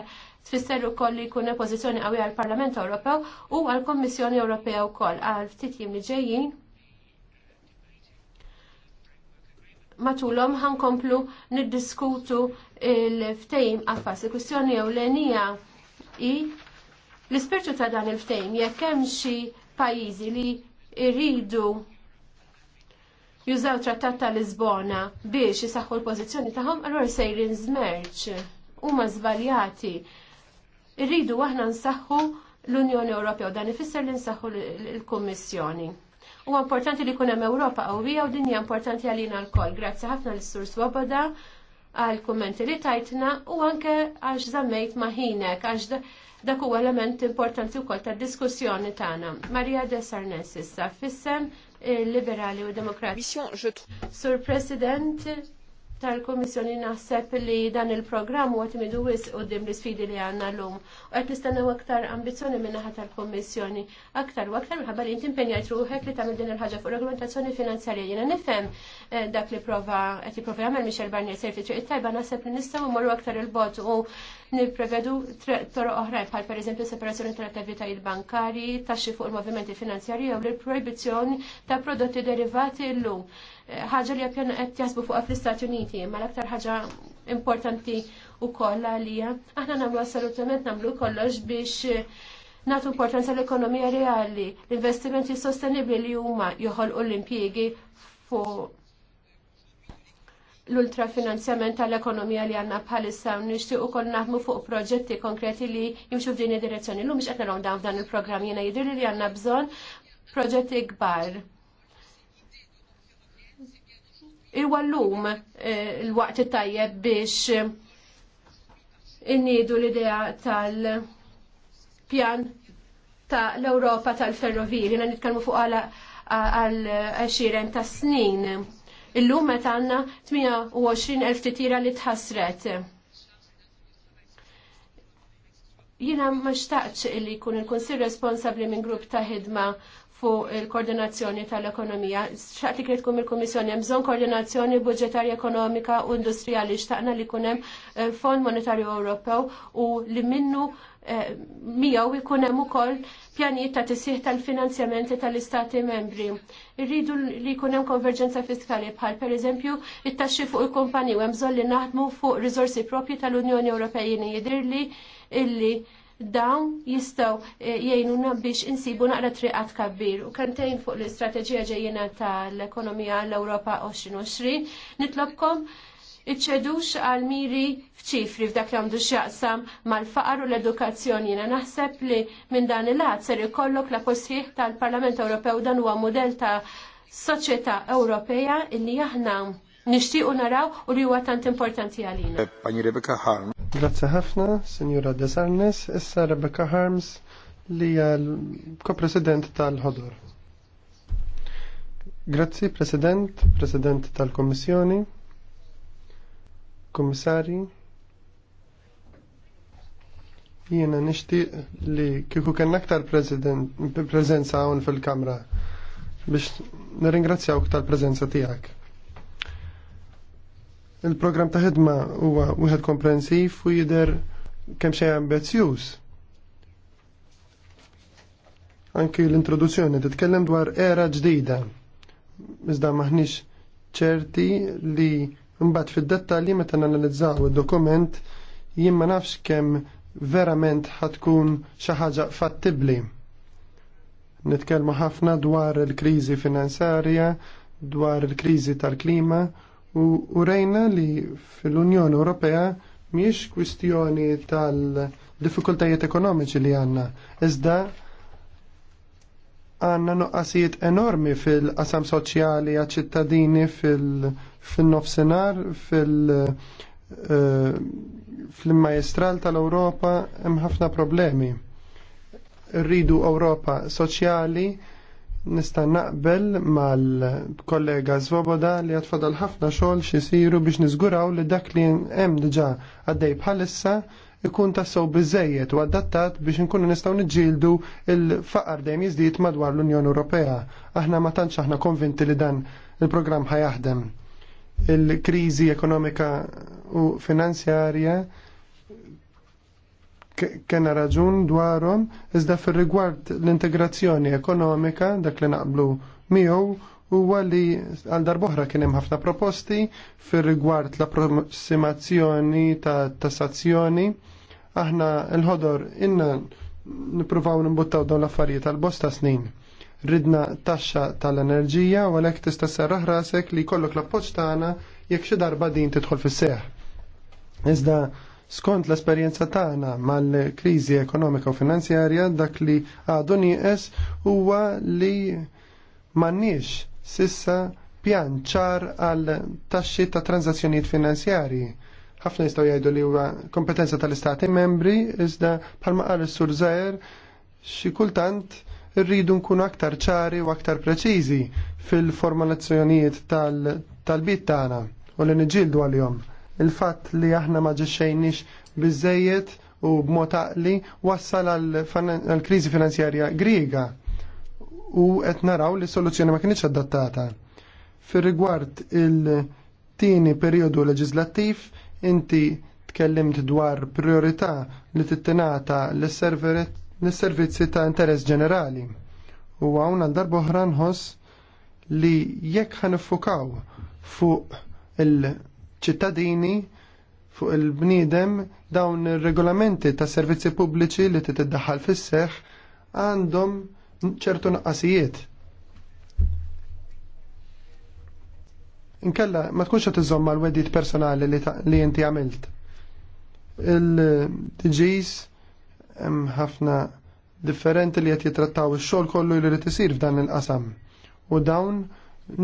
Speaker 3: tfisser ukoll li jkun pożizzjoni qawwi għall-Parlament Ewropew u għall-Kommissjoni Ewropea wkoll għal ftit jiem li ġejjin matulhom komplu niddiskutu il-ftejm għaffas. Il-kwistjoni ewlenija i l-ispirtu ta' dan il-ftejm jekk hemm xi pajjiżi li irridu jużaw trattat ta' Lisbona biex jisaxħu l-pożizzjoni tagħhom, għallur sejrin u huma żbaljati. Irridu aħna nsaħħu l-Unjoni Ewropea u dan ifisser li nsaħħu l-Kummissjoni. U importanti li kunem Ewropa vija u dinja importanti għalina l-koll. Grazzi ħafna l-Sur Swoboda għal kummenti li tajtna u anke għax zammejt maħinek, għax dak huwa element importanti wkoll tad-diskussjoni tagħna. Maria de Sarnesis, issa fissem liberali u demokrati. Sur President, tal-Komissjoni naħseb li dan il-programm u għatimidu wis u dim l-sfidi li għanna l-lum. U għat u aktar ambizjoni minnaħat tal-Komissjoni. Aktar u aktar minħabba li intimpenjajt ruħek li tamil din il-ħagġa fuq regolamentazzjoni finanzjarja. Jena nifem eh, dak li prova, għet li prova Michel Barnier sejfi triq tajba naħseb li nistaw morru aktar il-bot u nipprevedu toroq oħrajn bħal pereżempju separazzjoni tal-attivitajiet bankari, taxxi fuq il-movimenti finanzjarji jew l-proibizzjoni ta' prodotti derivati llum. Eh, ħaġa li appjana qed jaħsbu fuq fl-Istati Uniti, ma l-aktar ħaġa importanti u kolla għalija. Aħna nagħmlu assolutament nagħmlu kollox biex eh, natu importanza l-ekonomija reali, l-investimenti sostenibli li huma joħolqu l-impjiegi fuq l-ultrafinanzjament tal-ekonomija li għanna bħalissa nishtiq u koll naħmu fuq proġetti konkreti li jimxu f'din id-direzzjoni. L-lum biex għetna dan f'dan il-programm jena jidir li għanna bżon proġetti gbar. Iwa l-lum eh, l-waqt tajjeb biex innidu l-idea tal-pjan ta' l-Europa tal ferrovi jena nitkalmu fuq għal 20 ta' snin Illum meta għandna 28,000 titira li tħassret. Jiena ma xtaqx li jkun il-Kunsill responsabbli minn grupp ta' ħidma fuq il-koordinazzjoni tal-ekonomija. Xtaqt li kien tkun il-Kummissjoni hemm bżonn koordinazzjoni budġetarja ekonomika u industrijali xtaqna li jkun hemm eh, Fond Monetarju Ewropew u li minnu Eh, miegħu jkun hemm ukoll pjanijiet ta' tisih tal-finanzjamenti tal-istati membri. Irridu li jkun hemm konverġenza fiskali bħal pereżempju it-taxxi fuq il-kumpaniju hemm bżonn li naħdmu fuq riżorsi propji tal-Unjoni Ewropejjin jidhirli illi dawn jistaw eh, jgħinuna biex insibu naqra triqat kabbir. U kantejn fuq l-istrateġija ġejjina tal-ekonomija l-Europa 2020, nitlobkom iċċedux għal miri fċifri f'dak li għandu x'jaqsam mal-faqar u l-edukazzjoni. Jiena naħseb li minn dan il-għad ser ikollok la postrieħ tal-Parlament Ewropew dan huwa mudell ta' soċjetà Ewropea illi aħna nixtiequ naraw u li huwa tant importanti għalina.
Speaker 2: Eh, pani Rebecca Harms. Grazzi ħafna, Signora Desarnes, issa Rebecca Harms li hija l-ko-president tal-ħodor. Grazzi, President, President tal komissjoni Komissari, jiena nixtieq li kieku kien aktar preżenza hawn fil-Kamra biex nirringrazzjawk tal-preżenza tiegħek. Il-programm ta' ħidma huwa wieħed komprensiv u jidher kemm xejn ambizzjuż anki l-introduzzjoni titkellem dwar era ġdida. Iżda maħniex ċerti li Imbagħad fid-dettalji meta nanalizzaw id-dokument jien ma nafx kemm verament ħatkun xi ħaġa fattibbli. Nitkellmu ħafna dwar il-kriżi finanzarja, dwar il-kriżi tal-klima u rejna li fil-Unjoni Ewropea mhijiex kwistjoni tal-diffikultajiet ekonomiċi li għandna, iżda għanna nuqqasijiet enormi fil-qasam soċjali għad ċittadini fil-nofsenar, fil eh, fil-majestral tal-Europa hemm ħafna problemi. Rridu Ewropa soċjali nista' naqbel mal-kollega Zvoboda li għatfadal ħafna xogħol xisiru biex niżguraw li dak li hemm diġà għaddej bħalissa ikun tassew bizzejiet u adattat biex inkunu nistgħu niġġieldu il-faqar dejjem jiżdied madwar l-Unjoni Ewropea. Aħna ma tantx aħna konvinti li dan il-programm ħajaħdem. Il-kriżi ekonomika u finanzjarja kena raġun dwarhom iżda fir-rigward l-integrazzjoni ekonomika dak li naqblu miegħu huwa li għal darboħra kien hemm ħafna proposti fir rigward l-approssimazzjoni ta' tassazzjoni Aħna l-ħodor inna nipruvaw nimbuttaw dawn l-affarijiet tal-bosta snin. Ridna taxxa tal-enerġija u għalhekk tista' serraħ rasek li jkollok l-appoġġ tagħna jekk xi darba din tidħol fis-seħ. Iżda skont l-esperjenza tagħna mal-kriżi ekonomika u finanzjarja dak li għadu nieqes huwa li m'għandniex sissa pjan ċar għal taxxi ta' tranzazzjonijiet finanzjarji ħafna jistaw jgħidu li huwa kompetenza tal-istati membri iżda bħalma qal is-sur zaħir, xi kultant irridu nkunu aktar ċari u aktar preċiżi fil-formulazzjonijiet tal-bit tagħna u li niġildu għalihom. Il-fatt li aħna ma ġixxejniex biżejjed u b'mod taqli wassal għall-kriżi finanzjarja griega u qed naraw li soluzzjoni ma kienx adattata. Fir rigward il-tieni periodu leġislattiv Inti tkellimt dwar priorità li tittenata l-servizzi ta' interess ġenerali. U għawna darba oħra nħoss li jekk ħanifukaw fuq il-ċittadini fuq il-bniedem dawn ir-regolamenti ta' servizzi pubbliċi li t-tiddaħal fisseħ għandhom ċertu naqqasijiet Inkella ma tkunx qed iżomm mal-wedid personali li inti għamilt. Il-DGs hemm ħafna differenti li qed jitrattaw ix-xogħol kollu li rid isir f'dan il-qasam. U dawn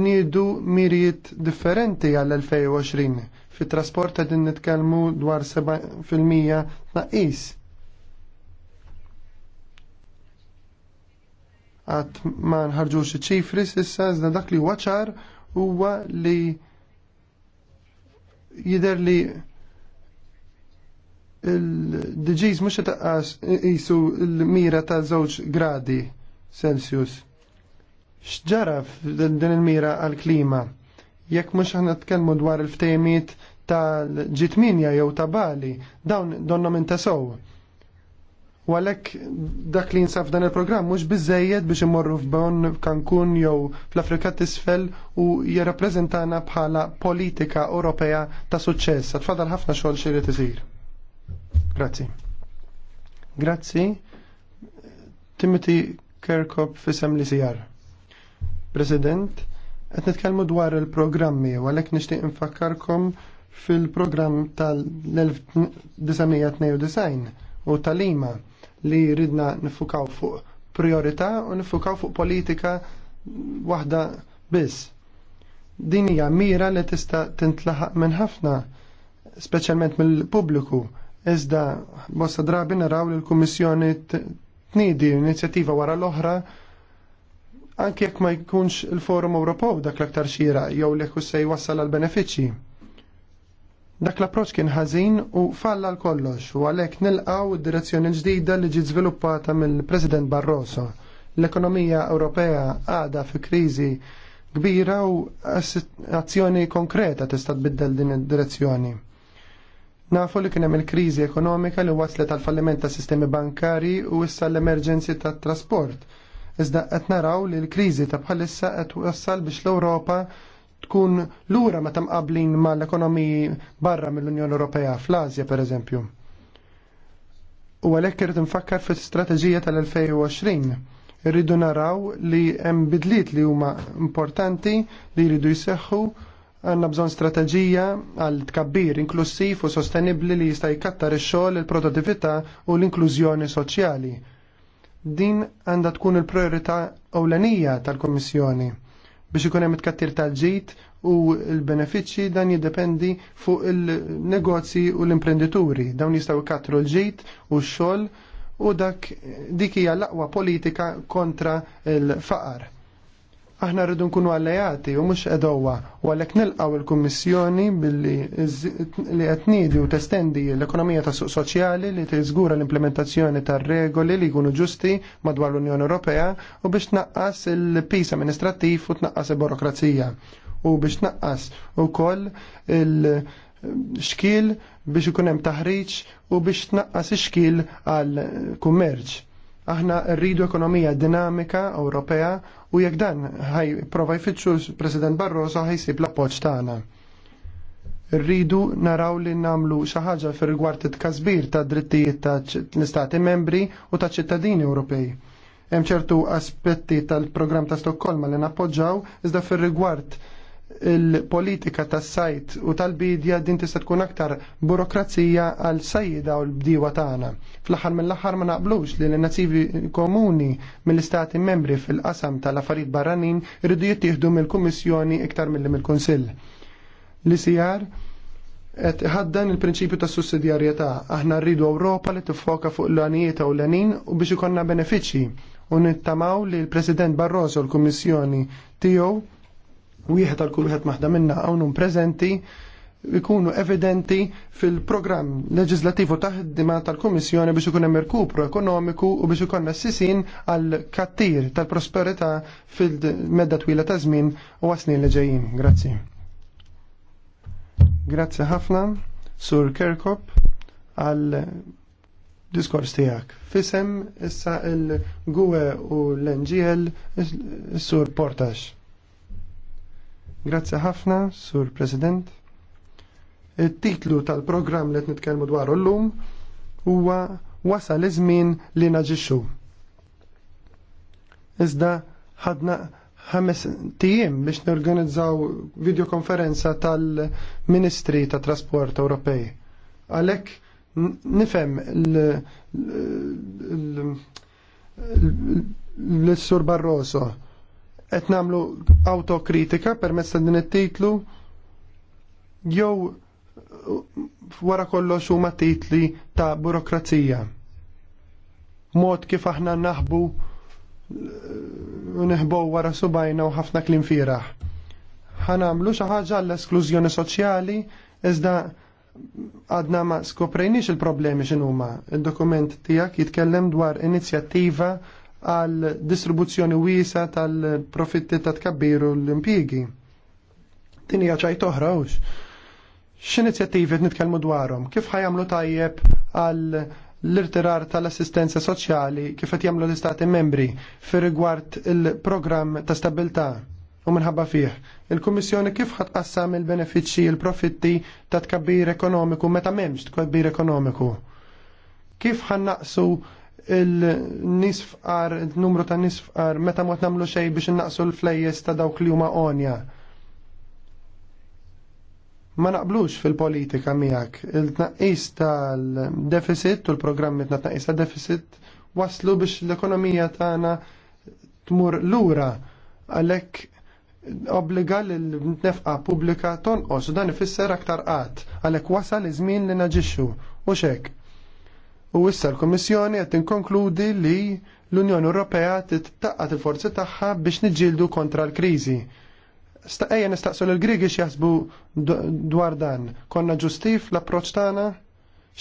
Speaker 2: niedu mirijiet differenti għall-2020. Fit-trasport qed nitkellmu dwar 7% tnaqqis. għat ma nħarġux ċifri sissa iżda dak li waċar huwa li jider li il-DGs mux taqqas jisu il-mira ta' żewġ gradi Celsius. Xġara din il-mira għal-klima? Jekk mux ħana tkellmu dwar il-ftejmiet tal-ġitminja jew ta' Bali, dawn donna minn ta' sow U għalek dak li jinsaf dan il-programm mhux biżejjed biex imorru f'Bonn, Cancun jew fl-Afrika t'isfel u jirrappreżentana bħala politika Ewropea ta' suċċess. Tfadal ħafna xogħol xi jrid isir. Grazzi. Grazzi. Timothy Kirkop fisem li sijar. President, qed nitkellmu dwar il-programmi u għalhekk nixtieq infakkarkom fil-programm tal-1992 u tal-Lima li ridna nifukaw fuq priorità u nifukaw fuq politika waħda biss. Din hija mira li tista' tintlaħaq minn ħafna, speċjalment mill-pubbliku, iżda bosta drabi naraw li l-Kummissjoni tnidi inizjattiva wara l-oħra anke jekk ma jkunx il-Forum Ewropew dak l-aktar xira jew li se jwassal għal benefiċċji. Dak l-approċ kien ħażin u falla l-kollox u għalhekk nilqgħu d-direzzjoni ġdida li ġiet żviluppata mill-President Barroso. L-ekonomija Ewropea għada fi kriżi kbira u azzjoni konkreta tista' tbiddel din id-direzzjoni. Nafu li kien hemm il-kriżi ekonomika li waslet għal falliment ta' sistemi bankari u issa l-emerġenzi tat trasport. Iżda qed naraw li l-kriżi ta' bħalissa qed wassal biex l-Ewropa tkun lura meta ma mal-ekonomiji barra mill-Unjoni Ewropea fl per pereżempju. U għalhekk irid nfakkar fil-strateġija tal-2020 irridu naraw li hemm bidliet li huma importanti li jridu jseħħu għanna bżon strategija għal tkabbir inklusiv u sostenibli li jista' jkattar ix-xogħol, il-produttività u l-inklużjoni soċjali. Din għandha tkun il-priorità ewlenija tal-Kummissjoni biex ikun hemm it-kattir tal-ġid u l-benefiċċji dan jiddependi fuq il-negozji u l-imprenditori. Dawn jistgħu jkattru l-ġid u x-xogħol u dak dik hija l-aqwa politika kontra l-faqar aħna rridu nkunu allejati u mhux edowa u għalhekk nilqgħu il-Kummissjoni billi li qed niedi u testendi l-ekonomija ta' suq soċjali li tiżgura l-implementazzjoni tar regoli li jkunu ġusti madwar l-Unjoni Ewropea u biex tnaqqas il-pis amministrattiv u tnaqqas il-burokrazija u biex tnaqqas ukoll il- xkil biex ikun hemm taħriġ u biex tnaqqas ix-xkil għal kummerċ. Aħna rridu ekonomija dinamika Ewropea u jekk dan ħaj prova jfittxu President Barroso ħajsib l-appoġġ tagħna. Rridu naraw li namlu xi ħaġa fir-rigward it-kasbir ta' drittijiet ta' l-istati membri u ta' ċittadini Ewropej. Hemm ċertu aspetti tal-programm ta' Stokkolma li nappoġġaw iżda fir-rigward il-politika tas sajt u tal-bidja din tista' tkun aktar burokrazija għal sejda u l bdiwa tagħna. Fl-aħħar mill-aħħar ma naqblux li l nazivi komuni mill-istati membri fil-qasam tal-affarijiet barranin irridu jittieħdu mill-Kummissjoni iktar milli mill-Kunsill. L-ICR qed ħaddan il-prinċipju ta' sussidjarjetà, aħna rridu Ewropa li tiffoka fuq l-għanijiet u l-għanin u biex ikonna benefiċċji u nittamaw li l-President Barroso l-Kummissjoni tiegħu wieħed għal kull wieħed maħda minna hawn preżenti ikunu evidenti fil-programm u taħdima tal-Komissjoni biex ikun hemm irkupru ekonomiku u biex ikun sisin għal kattir tal-prosperità fil-medda twila ta' żmien u għasnin li ġejjin. Grazzi. Grazzi ħafna, Sur Kerkop, għal diskors tijak. Fisem issa il-Gue u l-NGL, Sur Portax. Grazzi ħafna, Sur President. Il-titlu tal-programm li nitkellmu l llum huwa wasal iż-żmien li naġixxu. Iżda ħadna ħames tiem biex norganizzaw videokonferenza tal-Ministri ta' Trasport Ewropej. Għalhekk nifhem l-Sur Barroso qed nagħmlu autokritika permezz ta' din it-titlu jew uh, wara kollox huma titli ta' burokrazija. Mod kif aħna naħbu uh, neħbow wara subajna u ħafna klim firaħ. nagħmlu xi ħaġa għall-esklużjoni soċjali iżda għadna ma skoprejniex il-problemi x'inhuma. Il-dokument tiegħek jitkellem dwar inizjattiva għal distribuzzjoni wiesa tal-profitti ta' tkabbiru l-impjigi. Din hija ċajt X'inizjattivi qed nitkellmu dwarhom? Kif ħajamlu tajjeb għal l-irtirar tal-assistenza soċjali kif qed jagħmlu l-istati membri fir rigward il-programm ta' stabilità u minħabba fih. Il-Kummissjoni kif ħatqassam il-benefiċċji il-profitti ta' tkabbir ekonomiku meta m'hemmx tkabbir ekonomiku? Kif ħannaqsu naqsu il-nis il-numru ta' nisfqar meta mot namlu xej biex naqsu l-flejjes ta' dawk li huma onja. Ma naqblux fil-politika miegħek. Il-tnaqqis tal-deficit u l-programmi ta' tnaqqis ta' deficit waslu biex l-ekonomija tagħna tmur lura għalhekk obbliga l-nefqa pubblika tonqos u dan ifisser aktar qatt għalhekk wasal iż-żmien li naġixxu u xek U issa l-Komissjoni qed tinkonkludi li l-Unjoni Ewropea tittaqqat il-forzi tagħha biex niġġieldu kontra l-kriżi. Ejja nistaqsu l-Grigi x'jaħsbu dwar dan. Konna ġustif l-approċċ tagħna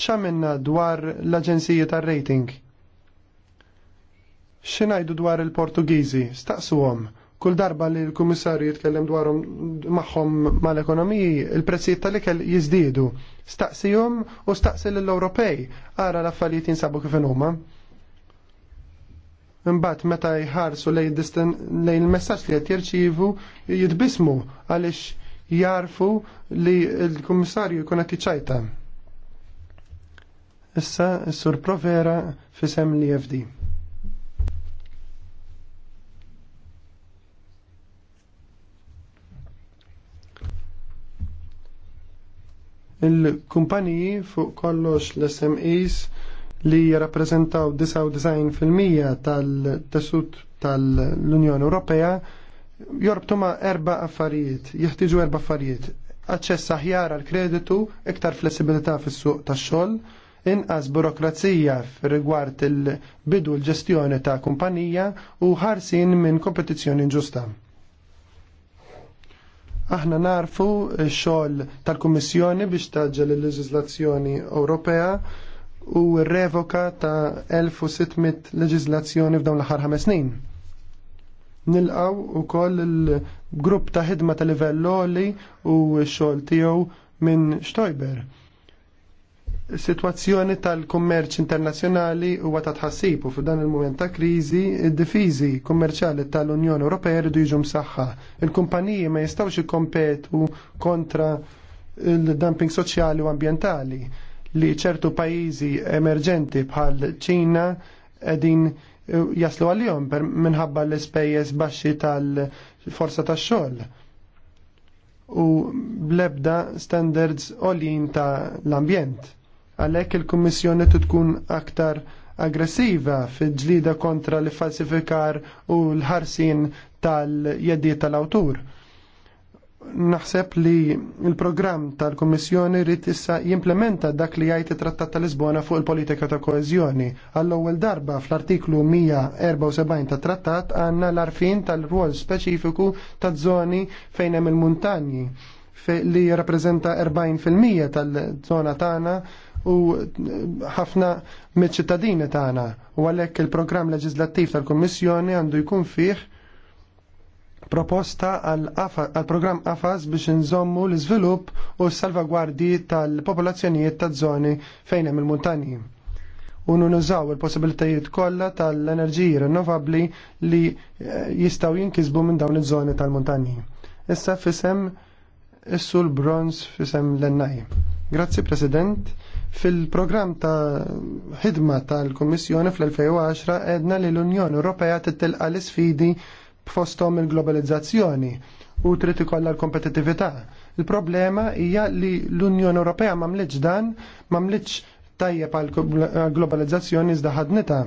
Speaker 2: x'għamilna dwar l-aġenziji tar-rating. X'ingħidu dwar il-Portugiżi? Staqsuhom Kull darba li l-Kummissarju jitkellem dwarhom magħhom mal-ekonomiji, il-prezzijiet tal-ikel jiżdiedu. Staqsihom u staqsi lill-Ewropej ara l-affarijiet jinsabu kif huma. Imbagħad meta jħarsu lejn lejn il-messaġġ li qed jirċievu jitbismu għaliex jarfu li l-Kummissarju jkun qed jiċċajta. Issa s-sur Provera fisem li FD. Il-kumpaniji fuq kollox l-SMEs li jirrappreżentaw 99% tal-tessut tal-Unjoni Ewropea jorbtu ma' erba' affarijiet, jeħtiġu erba' affarijiet. Aċċess aħjar għal kreditu, iktar flessibilità fis-suq tax-xogħol, inqas burokrazija rigward il-bidu l-ġestjoni ta' kumpanija u ħarsin minn kompetizzjoni ġusta. Aħna narfu xogħol tal-Kummissjoni biex taġġel il-leġiżlazzjoni Ewropea u r-revoka ta' 1600 leġislazzjoni f'dawn l-aħħar ħames snin. Nilqaw ukoll il-grupp ta' ħidma ta' livell u x-xogħol tiegħu minn Stoiber Situazzjoni tal-kummerċ internazzjonali huwa ta' tħassib u f'dan il-mument ta' kriżi id-difiżi kummerċjali tal-Unjoni Ewropea jridu jiġu msaħħa. Il-kumpaniji ma jistgħux ikkompetu kontra il-dumping soċjali u ambjentali li ċertu pajjiżi emerġenti bħal ċina qegħdin eh, jaslu għal-jom minħabba l-ispejjeż baxxi tal-forza tax-xogħol u blebda standards għoljin ta' l-ambjent Għalhekk il-Kummissjoni tkun aktar aggressiva fil-ġlida kontra li falsifikar u l-ħarsin tal-jeddi tal-awtur. Naħseb li il-programm tal-Kommissjoni rrit issa jimplementa dak li jgħid it-Trattat tal-Lisbona fuq il-politika ta' koeżjoni. Għall-ewwel darba fl-artiklu 174 tat trattat għandna l-arfin tal-rwol speċifiku ta' żoni fejn hemm il-muntanji li jirrappreżenta 40% tal-żona tagħna u ħafna mill-ċittadini tagħna u għalhekk il-programm leġislattiv tal-Kummissjoni għandu jkun fih proposta għal programm AFAS biex nżommu l-iżvilupp u s salvagwardi tal-popolazzjonijiet ta' żoni fejn hemm il muntani U nużaw il-possibilitajiet kollha tal-enerġiji rinnovabbli li eh, jistgħu jinkisbu minn dawn iż-żoni tal muntani Issa fisem issu l-bronz fisem l-ennaj. Grazzi President. Fil-programm ta' ħidma tal-Kommissjoni fl-2010 edna li l-Unjoni Ewropea titilqa l-isfidi b'fosthom il-globalizzazzjoni u trid ikollha l-kompetittività. Il-problema hija li l-Unjoni Ewropea m'għamlitx dan, m'għamlitx tajjeb għal-globalizzazzjoni iżda ħadnita.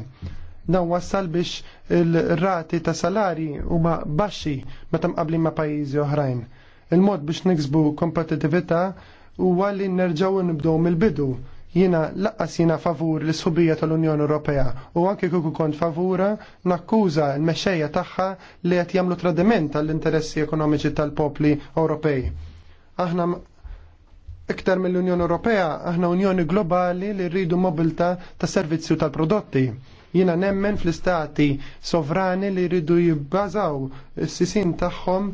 Speaker 2: Dan wassal biex il-rati ta' salari huma baxxi meta mqabli ma' pajjiżi oħrajn. Il-mod biex niksbu kompetittività huwa li nerġgħu nibdew mill-bidu Jiena laqqas jiena favur l isħubija tal-Unjoni Ewropea u anke kieku kont favura nakkuża l-mexxejja tagħha li qed jagħmlu tradiment tal-interessi ekonomiċi tal-popli Ewropej. Aħna iktar mill-Unjoni Ewropea, aħna Unjoni Globali li rridu mobilta ta' servizzju tal-prodotti. Jiena nemmen fl-istati sovrani li rridu jibbażaw s-sisin tagħhom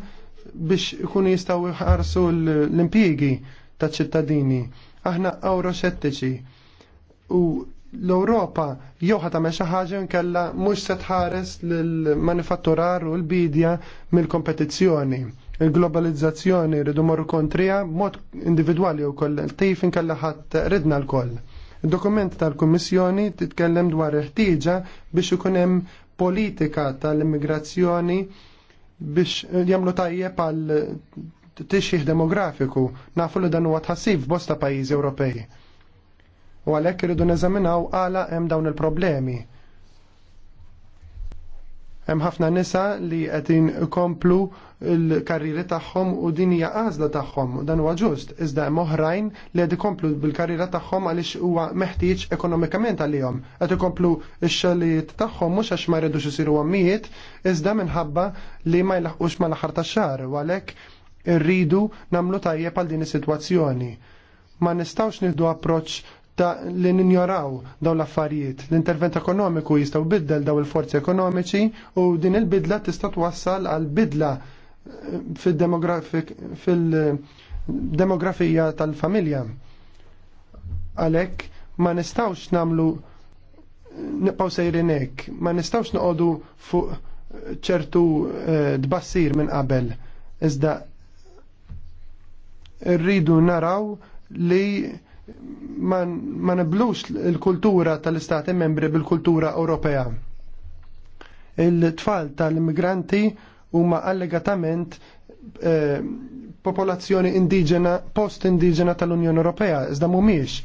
Speaker 2: biex ikunu jistgħu jħarsu l-impjiegi ta' ċittadini aħna euroxettiċi u l-Europa joħat ta' xaħġa ħaġa nkella mhux se tħares lill-manifatturar u l-bidja mill-kompetizzjoni. Il-globalizzazzjoni rridu morru kontrija mod individwali u koll tejf inkella ħat ridna l-koll. Il-dokument tal-Kummissjoni titkellem dwar ħtieġa biex ikun hemm politika tal-immigrazzjoni biex jagħmlu tajjeb għal tixjih demografiku nafu li dan huwa tħassib f'bosta pajjiżi Ewropej. U għalhekk irridu neżaminaw għala hemm dawn il-problemi. Hemm ħafna nisa li qed inkomplu l-karriri tagħhom u din hija għażla tagħhom u dan huwa ġust, iżda hemm oħrajn li qed ikomplu bil-karriera tagħhom għaliex huwa meħtieġ ekonomikament għalihom. Qed ikomplu x-xogħlijiet tagħhom mhux għax ma jridux isiru għammijiet, iżda minħabba li ma jlaħqux mal-aħħar tax-xahar u għalhekk Irridu namlu tajjeb għal din is-sitwazzjoni. Ma nistawx nieħdu approċċ ta' li ninjoraw daw l-affarijiet. L-intervent ekonomiku jistaw biddel daw il-forzi ekonomiċi u din il-bidla tista' twassal għal bidla eh, fil-demografija fil tal-familja. Għalek, ma nistawx namlu nippaw sejrinek, ma nistawx noqodu fuq ċertu dbassir eh, minn qabel. Iżda rridu naraw li ma neblux il-kultura tal-istati membri bil-kultura Ewropea. Il-tfal tal-immigranti huma allegatament eh, popolazzjoni indiġena, post-indiġena tal-Unjoni Ewropea, iżda mhumiex.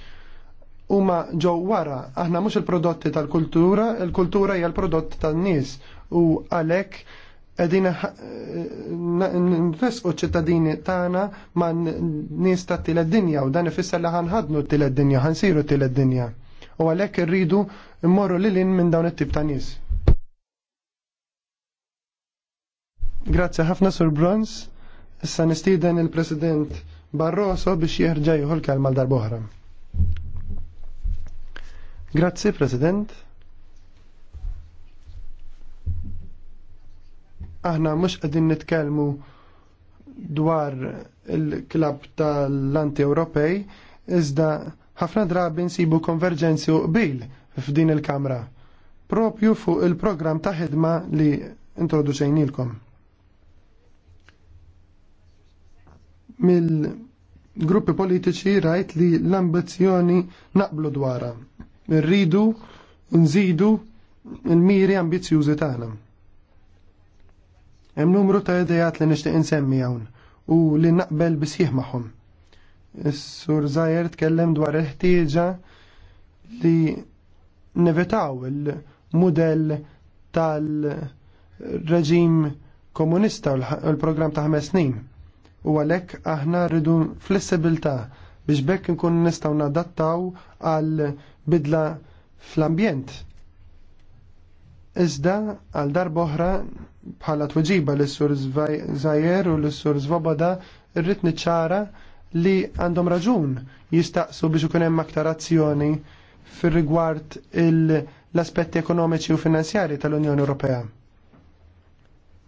Speaker 2: Huma ġew wara, aħna mhux il-prodotti tal-kultura, il-kultura hija l-prodott tan-nies u għalhekk edina nresqu ċittadini tagħna ma nies ta' tila dinja u dan ifisser li ħanħadnu tila dinja, ħansiru tila dinja. U għalhekk irridu mmorru lilin minn dawn it-tip ta' nies. Grazzi ħafna Sur Bruns, issa nistieden il-President Barroso biex jerġa' jieħu l-kelma l-darbohra. Grazzi President. aħna mhux qegħdin nitkellmu dwar il-klab tal-anti Ewropej, iżda ħafna drabi nsibu konverġenzi u qbil f'din il-kamra, propju fuq il-programm ta' ħidma li introduċejnilkom. Mill-gruppi politiċi rajt li l-ambizjoni naqblu dwara. Rridu, nżidu, il-miri ambizjużi tagħna. Hemm numru ta' idejat li nixtieq insemmi hawn u li naqbel bisħieħ magħhom. Is-Sur Zajer tkellem dwar il-ħtieġa li nevetaw il-mudell tal-reġim komunista u l-programm ta' ħames snin. U għalhekk aħna rridu flessibilità biex bekk nkun nistgħu nadattaw għal bidla fl-ambjent Iżda għal boħra bħala tweġiba l sur Zajer u l sur Zvoboda rrit niċċara li għandhom raġun jistaqsu biex ikun hemm aktar azzjoni fir-rigward l-aspetti ekonomiċi u finanzjari tal-Unjoni Ewropea.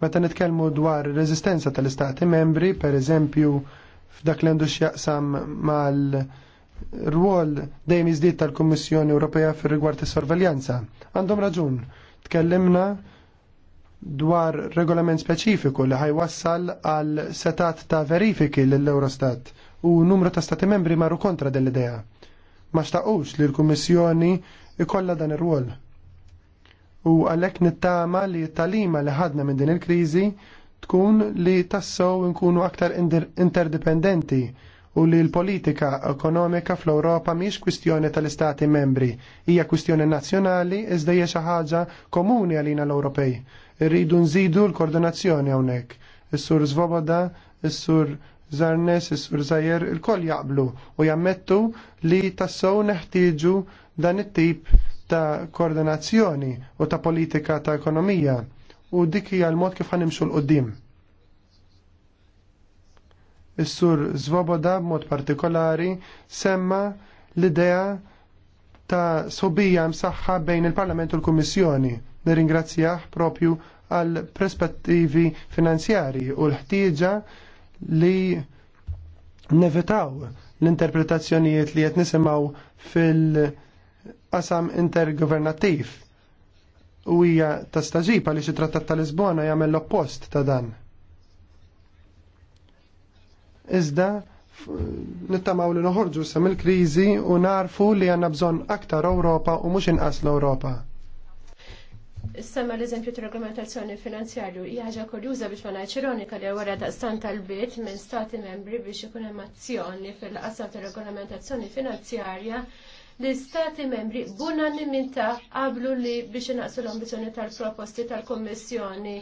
Speaker 2: Meta nitkellmu dwar reżistenza tal-Istati membri, per eżempju, f'dak li għandu x'jaqsam mal rwol dejjem iżdied tal-Kummissjoni Ewropea fir-rigward is-sorveljanza. Għandhom raġun Tkellimna dwar regolament speċifiku li ħajwassal għal setat ta' verifiki l-Eurostat u numru ta' stati membri marru kontra dell-idea. Ma xtaqux li l-Kummissjoni ikolla dan ir-rwol. U għalhekk nittama li talima li ħadna minn din il-kriżi tkun li tassow nkunu aktar interdipendenti u li l-politika ekonomika fl-Ewropa miex kwistjoni tal-istati membri, hija kwistjoni nazzjonali iżda hija xi ħaġa komuni għalina l-Ewropej. Irridu nżidu l-koordinazzjoni hawnhekk. Is-sur Zvoboda, is-sur Zarnes, is-sur Zajer, il-koll jaqblu u jammettu li tassew neħtieġu dan it-tip ta' koordinazzjoni u ta' politika ta' ekonomija u dik hija l-mod kif ħanimxu l-qoddim. Is-sur Zvoboda b'mod partikolari semma l-idea ta' sobija msaħħa bejn il-Parlament u l-Kummissjoni. Nirringrazzjah propju għal prespettivi finanzjari u l-ħtieġa li nevitaw l-interpretazzjonijiet li qed nisimgħu fil-qasam intergovernattiv u hija ta' staġiba li xi trattat tal Lisbona jagħmel l-oppost ta' dan. Iżda nittamaw li noħorġu sa mill-kriżi u narfu li għandna bżonn aktar Ewropa u mhux inqas l-Ewropa.
Speaker 3: Issa l-eżempju ta' regolamentazzjoni finanzjarju hija ħaġa kurjuża biex ma ngħidx ironika li wara daqstan tal-bit minn stati membri biex ikun hemm azzjoni fil-qasam ta' regolamentazzjoni finanzjarja li stati membri b'unanimità qablu li biex inaqsu l-ambizzjoni tal-proposti tal-Kummissjoni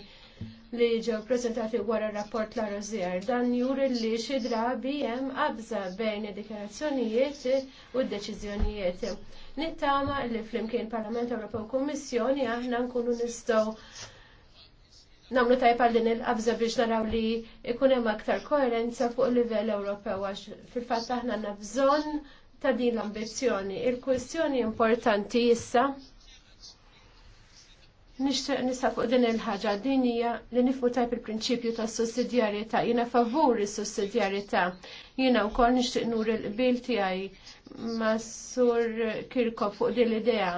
Speaker 3: li ġew prezentati wara rapport la Rozier. Dan juri li xi drabi hemm qabża bejn id-dikarazzjonijiet u d-deċiżjonijiet. Nittama li flimkien Parlament Ewropew Kummissjoni aħna nkunu nistgħu namlu tajpa din il-qabza biex naraw li ikun hemm aktar koerenza fuq livell Ewropew għax fil-fatt aħna għandna bżonn ta' din l-ambizzjoni. Il-kwestjoni importanti issa Nixtieq nisa fuq din il-ħaġa din hija li nifhmu tajb il-prinċipju tas sussidjarjetà jiena favur is-sussidjarjetà. Jiena wkoll nixtieq nur il-qbil tiegħi ma' sur Kirkop fuq din l-idea.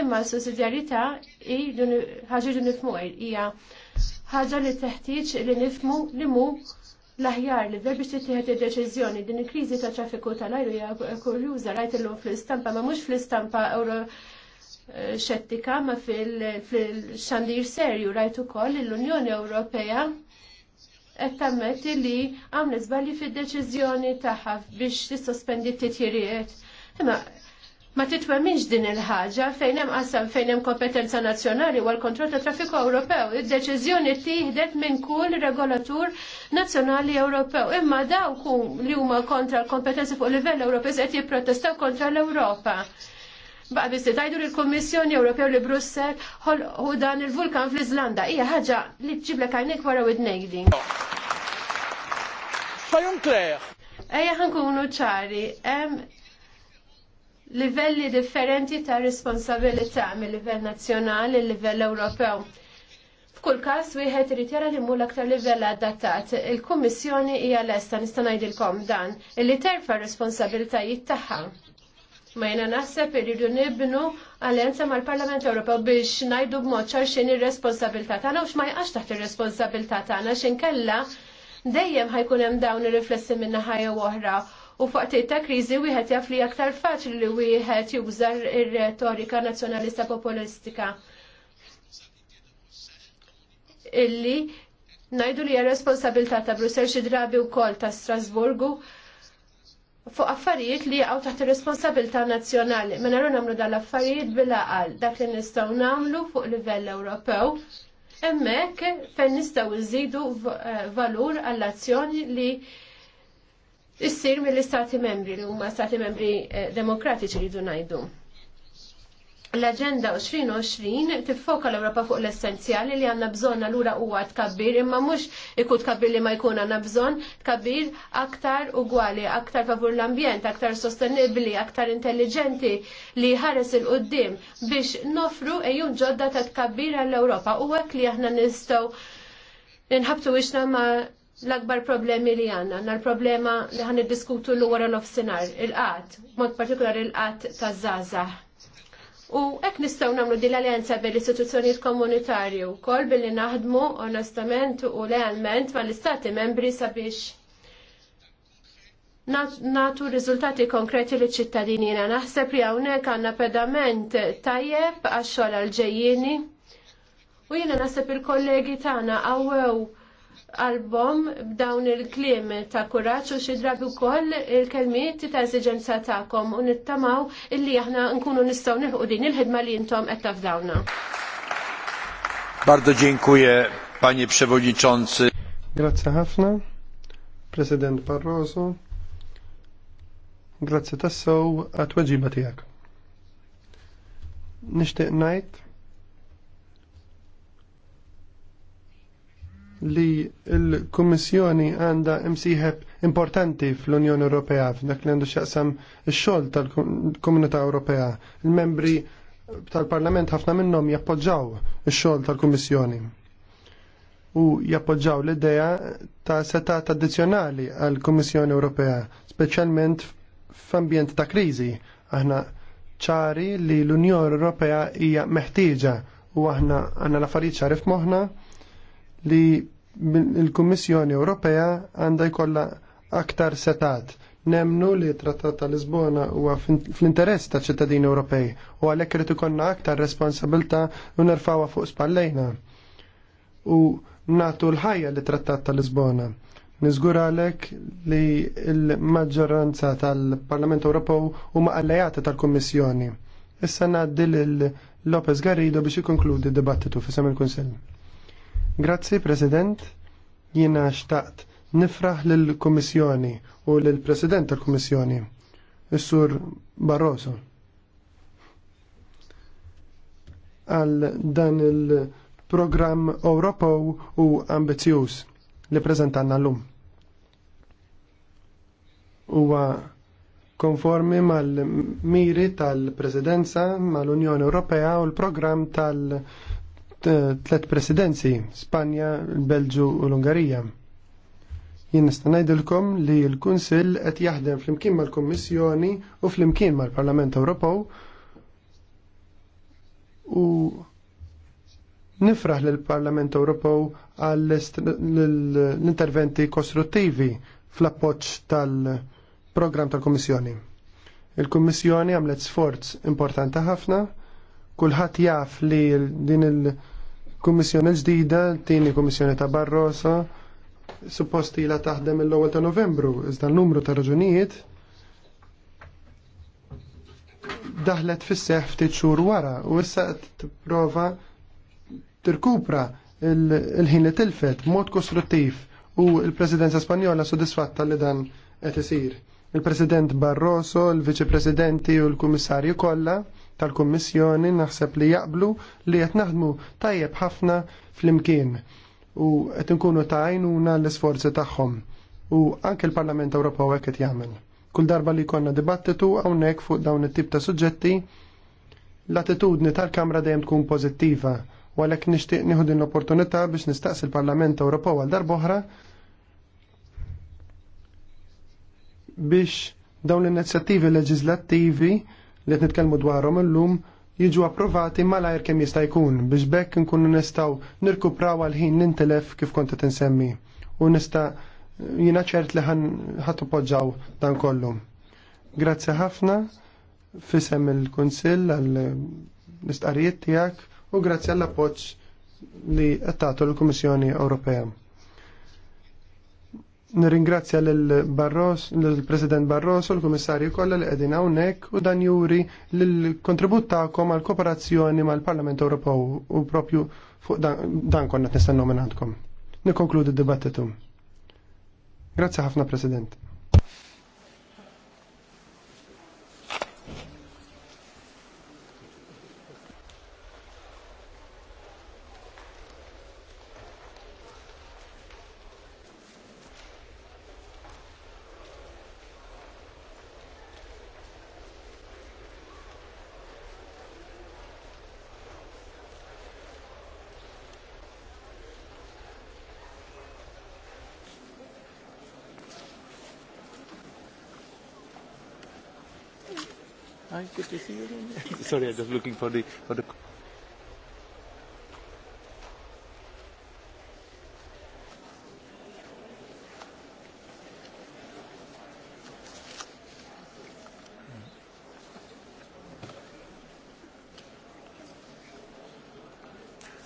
Speaker 3: Imma s-sussidjarjetà hi ħaġa li nifhmu hija ħaġa li teħtieġ li nifhmu li mu l-aħjar li biex tittieħed id-deċiżjoni din il-kriżi ta' traffiku tal-ajru hija kurjuża rajt illum fl-istampa ma mhux fl-istampa Euro xettika ma fil-xandir serju rajtu koll l-Unjoni Ewropea qed tammetti li għamne zbali fid-deċiżjoni tagħha biex t-sospendi t-titjirijiet. Imma ma titwemminx din il-ħaġa fejn hemm qasam fejn hemm kompetenza nazzjonali għal kontroll ta' traffiku Ewropew. Id-deċiżjoni tieħdet minn kull regolatur nazzjonali Ewropew. Imma dawk li huma kontra l-kompetenza fuq livell Ewropew qed jipprotestaw kontra l-Ewropa. Baqa biss tajdu l-Kommissjoni Ewropew li Brussel hu dan il-vulkan fl izlanda Hija ħaġa li tġiblek kajnek wara id-nejdin. Fajum kler. Ejja ħankunu ċari, hemm livelli differenti ta' responsabilità mill-livell nazzjonali, il-livell Ewropew. F'kull każ wieħed irid jara li mhux aktar livell adattat. Il-Kummissjoni hija lesta nista' ngħidilkom dan illi terfa' r-responsabilitajiet tagħha. Ma jena naħseb irridu nibnu għalenza mal-Parlament Ewropew biex najdu b'mod xarxin ir-responsabilità tagħna u x'ma jqax taħt ir-responsabilità tagħna x'in kella dejjem ħajkun hemm dawn ir-riflessi minn ħajja oħra u fuq ta' kriżi wieħed jaf li aktar faċli li wieħed juża r-retorika nazzjonalista populistika. Illi najdu li hija responsabilità ta' Brussel xi drabi wkoll ta' Strasburgu fuq affarijiet li għaw taħt ir-responsabilità nazzjonali. Ma mela nagħmlu nagħmlu dal-affarijiet bil-aqal dak li nistgħu nagħmlu fuq livell Ewropew. Hemmhekk fejn nistgħu nżidu eh, valur għall-azzjoni li issir mill-istati membri li huma stati membri eh, demokratiċi li jdu ngħidu l-Agenda 2020 tiffoka l europa fuq l-essenzjali li għanna bżonna l-ura u għad kabbir, imma mux ikut kabbir li ma jkun għanna bżon, kabbir aktar ugwali, aktar favur l-ambjent, aktar sostenibli, aktar intelligenti li ħares il-qoddim biex nofru ejjun ġodda ta' kabbir għall-Ewropa u għak li aħna nistaw nħabtu iċna ma l-akbar problemi li għanna, għanna l-problema li għan diskutu l-għara l-ofsinar, il-qat, mod partikolar il-qat ta' zazah U ek nistaw namlu din l-alleanza bil istituzzjonijiet komunitarju wkoll billi naħdmu onestament u lealment mal istati membri sabiex natu rizultati konkreti li ċittadinina. Naħseb li hawnhekk għandna pedament tajjeb għax-xogħol għal ġejjini U jiena naħseb il-kollegi tagħna għawew album b'dawn il-klim ta' kuraċ u xi drabi wkoll il-kelmiet ta' eżiġenza tagħkom u nittamaw illi aħna nkunu nistgħu nilħu din il-ħidma li intom qed tafdawna.
Speaker 2: Bardzo dziękuję panie przewodniczący. Grazie ħafna. President Barroso. Grazie tassew għat-weġiba tiegħek. Nixtieq ngħid li l-Kummissjoni għandha msiħeb importanti fl-Unjoni Ewropea f'dak li għandu x'jaqsam ix-xogħol tal-Komunità Ewropea. Il-membri tal-Parlament ħafna minnhom jappoġġaw ix-xogħol tal-Kummissjoni u jappoġġaw l-idea ta' setat addizzjonali għall kummissjoni Ewropea, speċjalment f'ambjent ta' kriżi. Aħna ċari li l-Unjoni Ewropea hija meħtieġa u aħna għandna l-affarijiet ċari f'moħħna li il-Kummissjoni Ewropea għandha jkollha aktar setat. Nemnu li trattat ta' Lisbona huwa fl-interess ta' ċittadini Ewropej u għalhekk irid ikollna aktar responsabilità u nerfawha fuq spallejna. U natu l-ħajja li trattat ta' Lisbona. Nizgur għalek li l-maġġoranza tal-Parlament Ewropew huma allejati tal-Kummissjoni. Issa ngħaddi lil Lopez Garrido biex ikkonkludi d-dibattitu fisem il-Kunsell. Grazzi, President. Jiena xtaqt nifraħ lill komissjoni u lill-President tal-Kummissjoni, sur Barroso. Għal dan il-programm Europo u ambizjuż li l-lum. Huwa konformi mal-miri tal-Presidenza mal-Unjoni Ewropea u l-programm tal-Presidenza Eh, tlet presidenzi, Spanja, il-Belġu u l-Ungarija. Jien nista' ngħidilkom li l-Kunsill qed jaħdem flimkien mal-Kummissjoni u flimkien mal-Parlament Ewropew u nifraħ lill parlament Ewropew għall l-interventi kostruttivi fl-appoġġ tal-programm tal-Kummissjoni. Il-Kummissjoni għamlet sforz importanti ħafna kulħadd jaf li din il- Kummissjoni ġdida, tieni Kummissjoni ta' Barroso, supposti la taħdem l-ewwel ta' Novembru, iżda l-numru ta' raġunijiet daħlet fis-seħ ftit xhur wara u issa tipprova tirkupra il-ħin li tilfet mod kostruttiv u l-Presidenza Spanjola sodisfatta li dan qed isir. Il-President Barroso, il-Viċi-Presidenti u l-Kummissarju kollha tal-Kummissjoni naħseb li jaqblu li qed naħdmu tajjeb ħafna fl-imkien u qed inkunu ta' għajnuna l-isforzi tagħhom u anke l-Parlament Ewropew hekk qed jagħmel. Kull darba li konna dibattitu hawnhekk fuq dawn it-tip ta' suġġetti, l-attitudni tal-Kamra dejjem tkun pożittiva u għalhekk nixtieq nieħu din l-opportunità biex nistaqsi l-Parlament Ewropew għal darba oħra biex dawn l-inizjattivi leġislattivi li qed nitkellmu dwarhom illum jiġu approvati malajr kemm jista' jkun biex bekk nkunu nistgħu nirkupraw għal ħin nintelef kif kont t insemmi u nista' jina ċert li ħadd poġġaw dan kollu. Grazzi ħafna fisem il-Kunsill għal l-istqarijiet tiegħek u grazzi għall appoġġ li qed tagħtu l-Kummissjoni Ewropea. Nirringrazzja l-Barros, l-President Barros u l-Komissarju kollha li qegħdin hawnhekk u dan juri l-kontribut tagħkom għal kooperazzjoni mal-Parlament Ewropew u propju fuq dan konna qed Nikkonkludi d-dibattitu. Grazzi ħafna President. sorry, I'm just looking for the, for the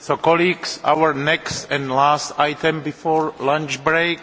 Speaker 2: So colleagues, our next and last item before lunch break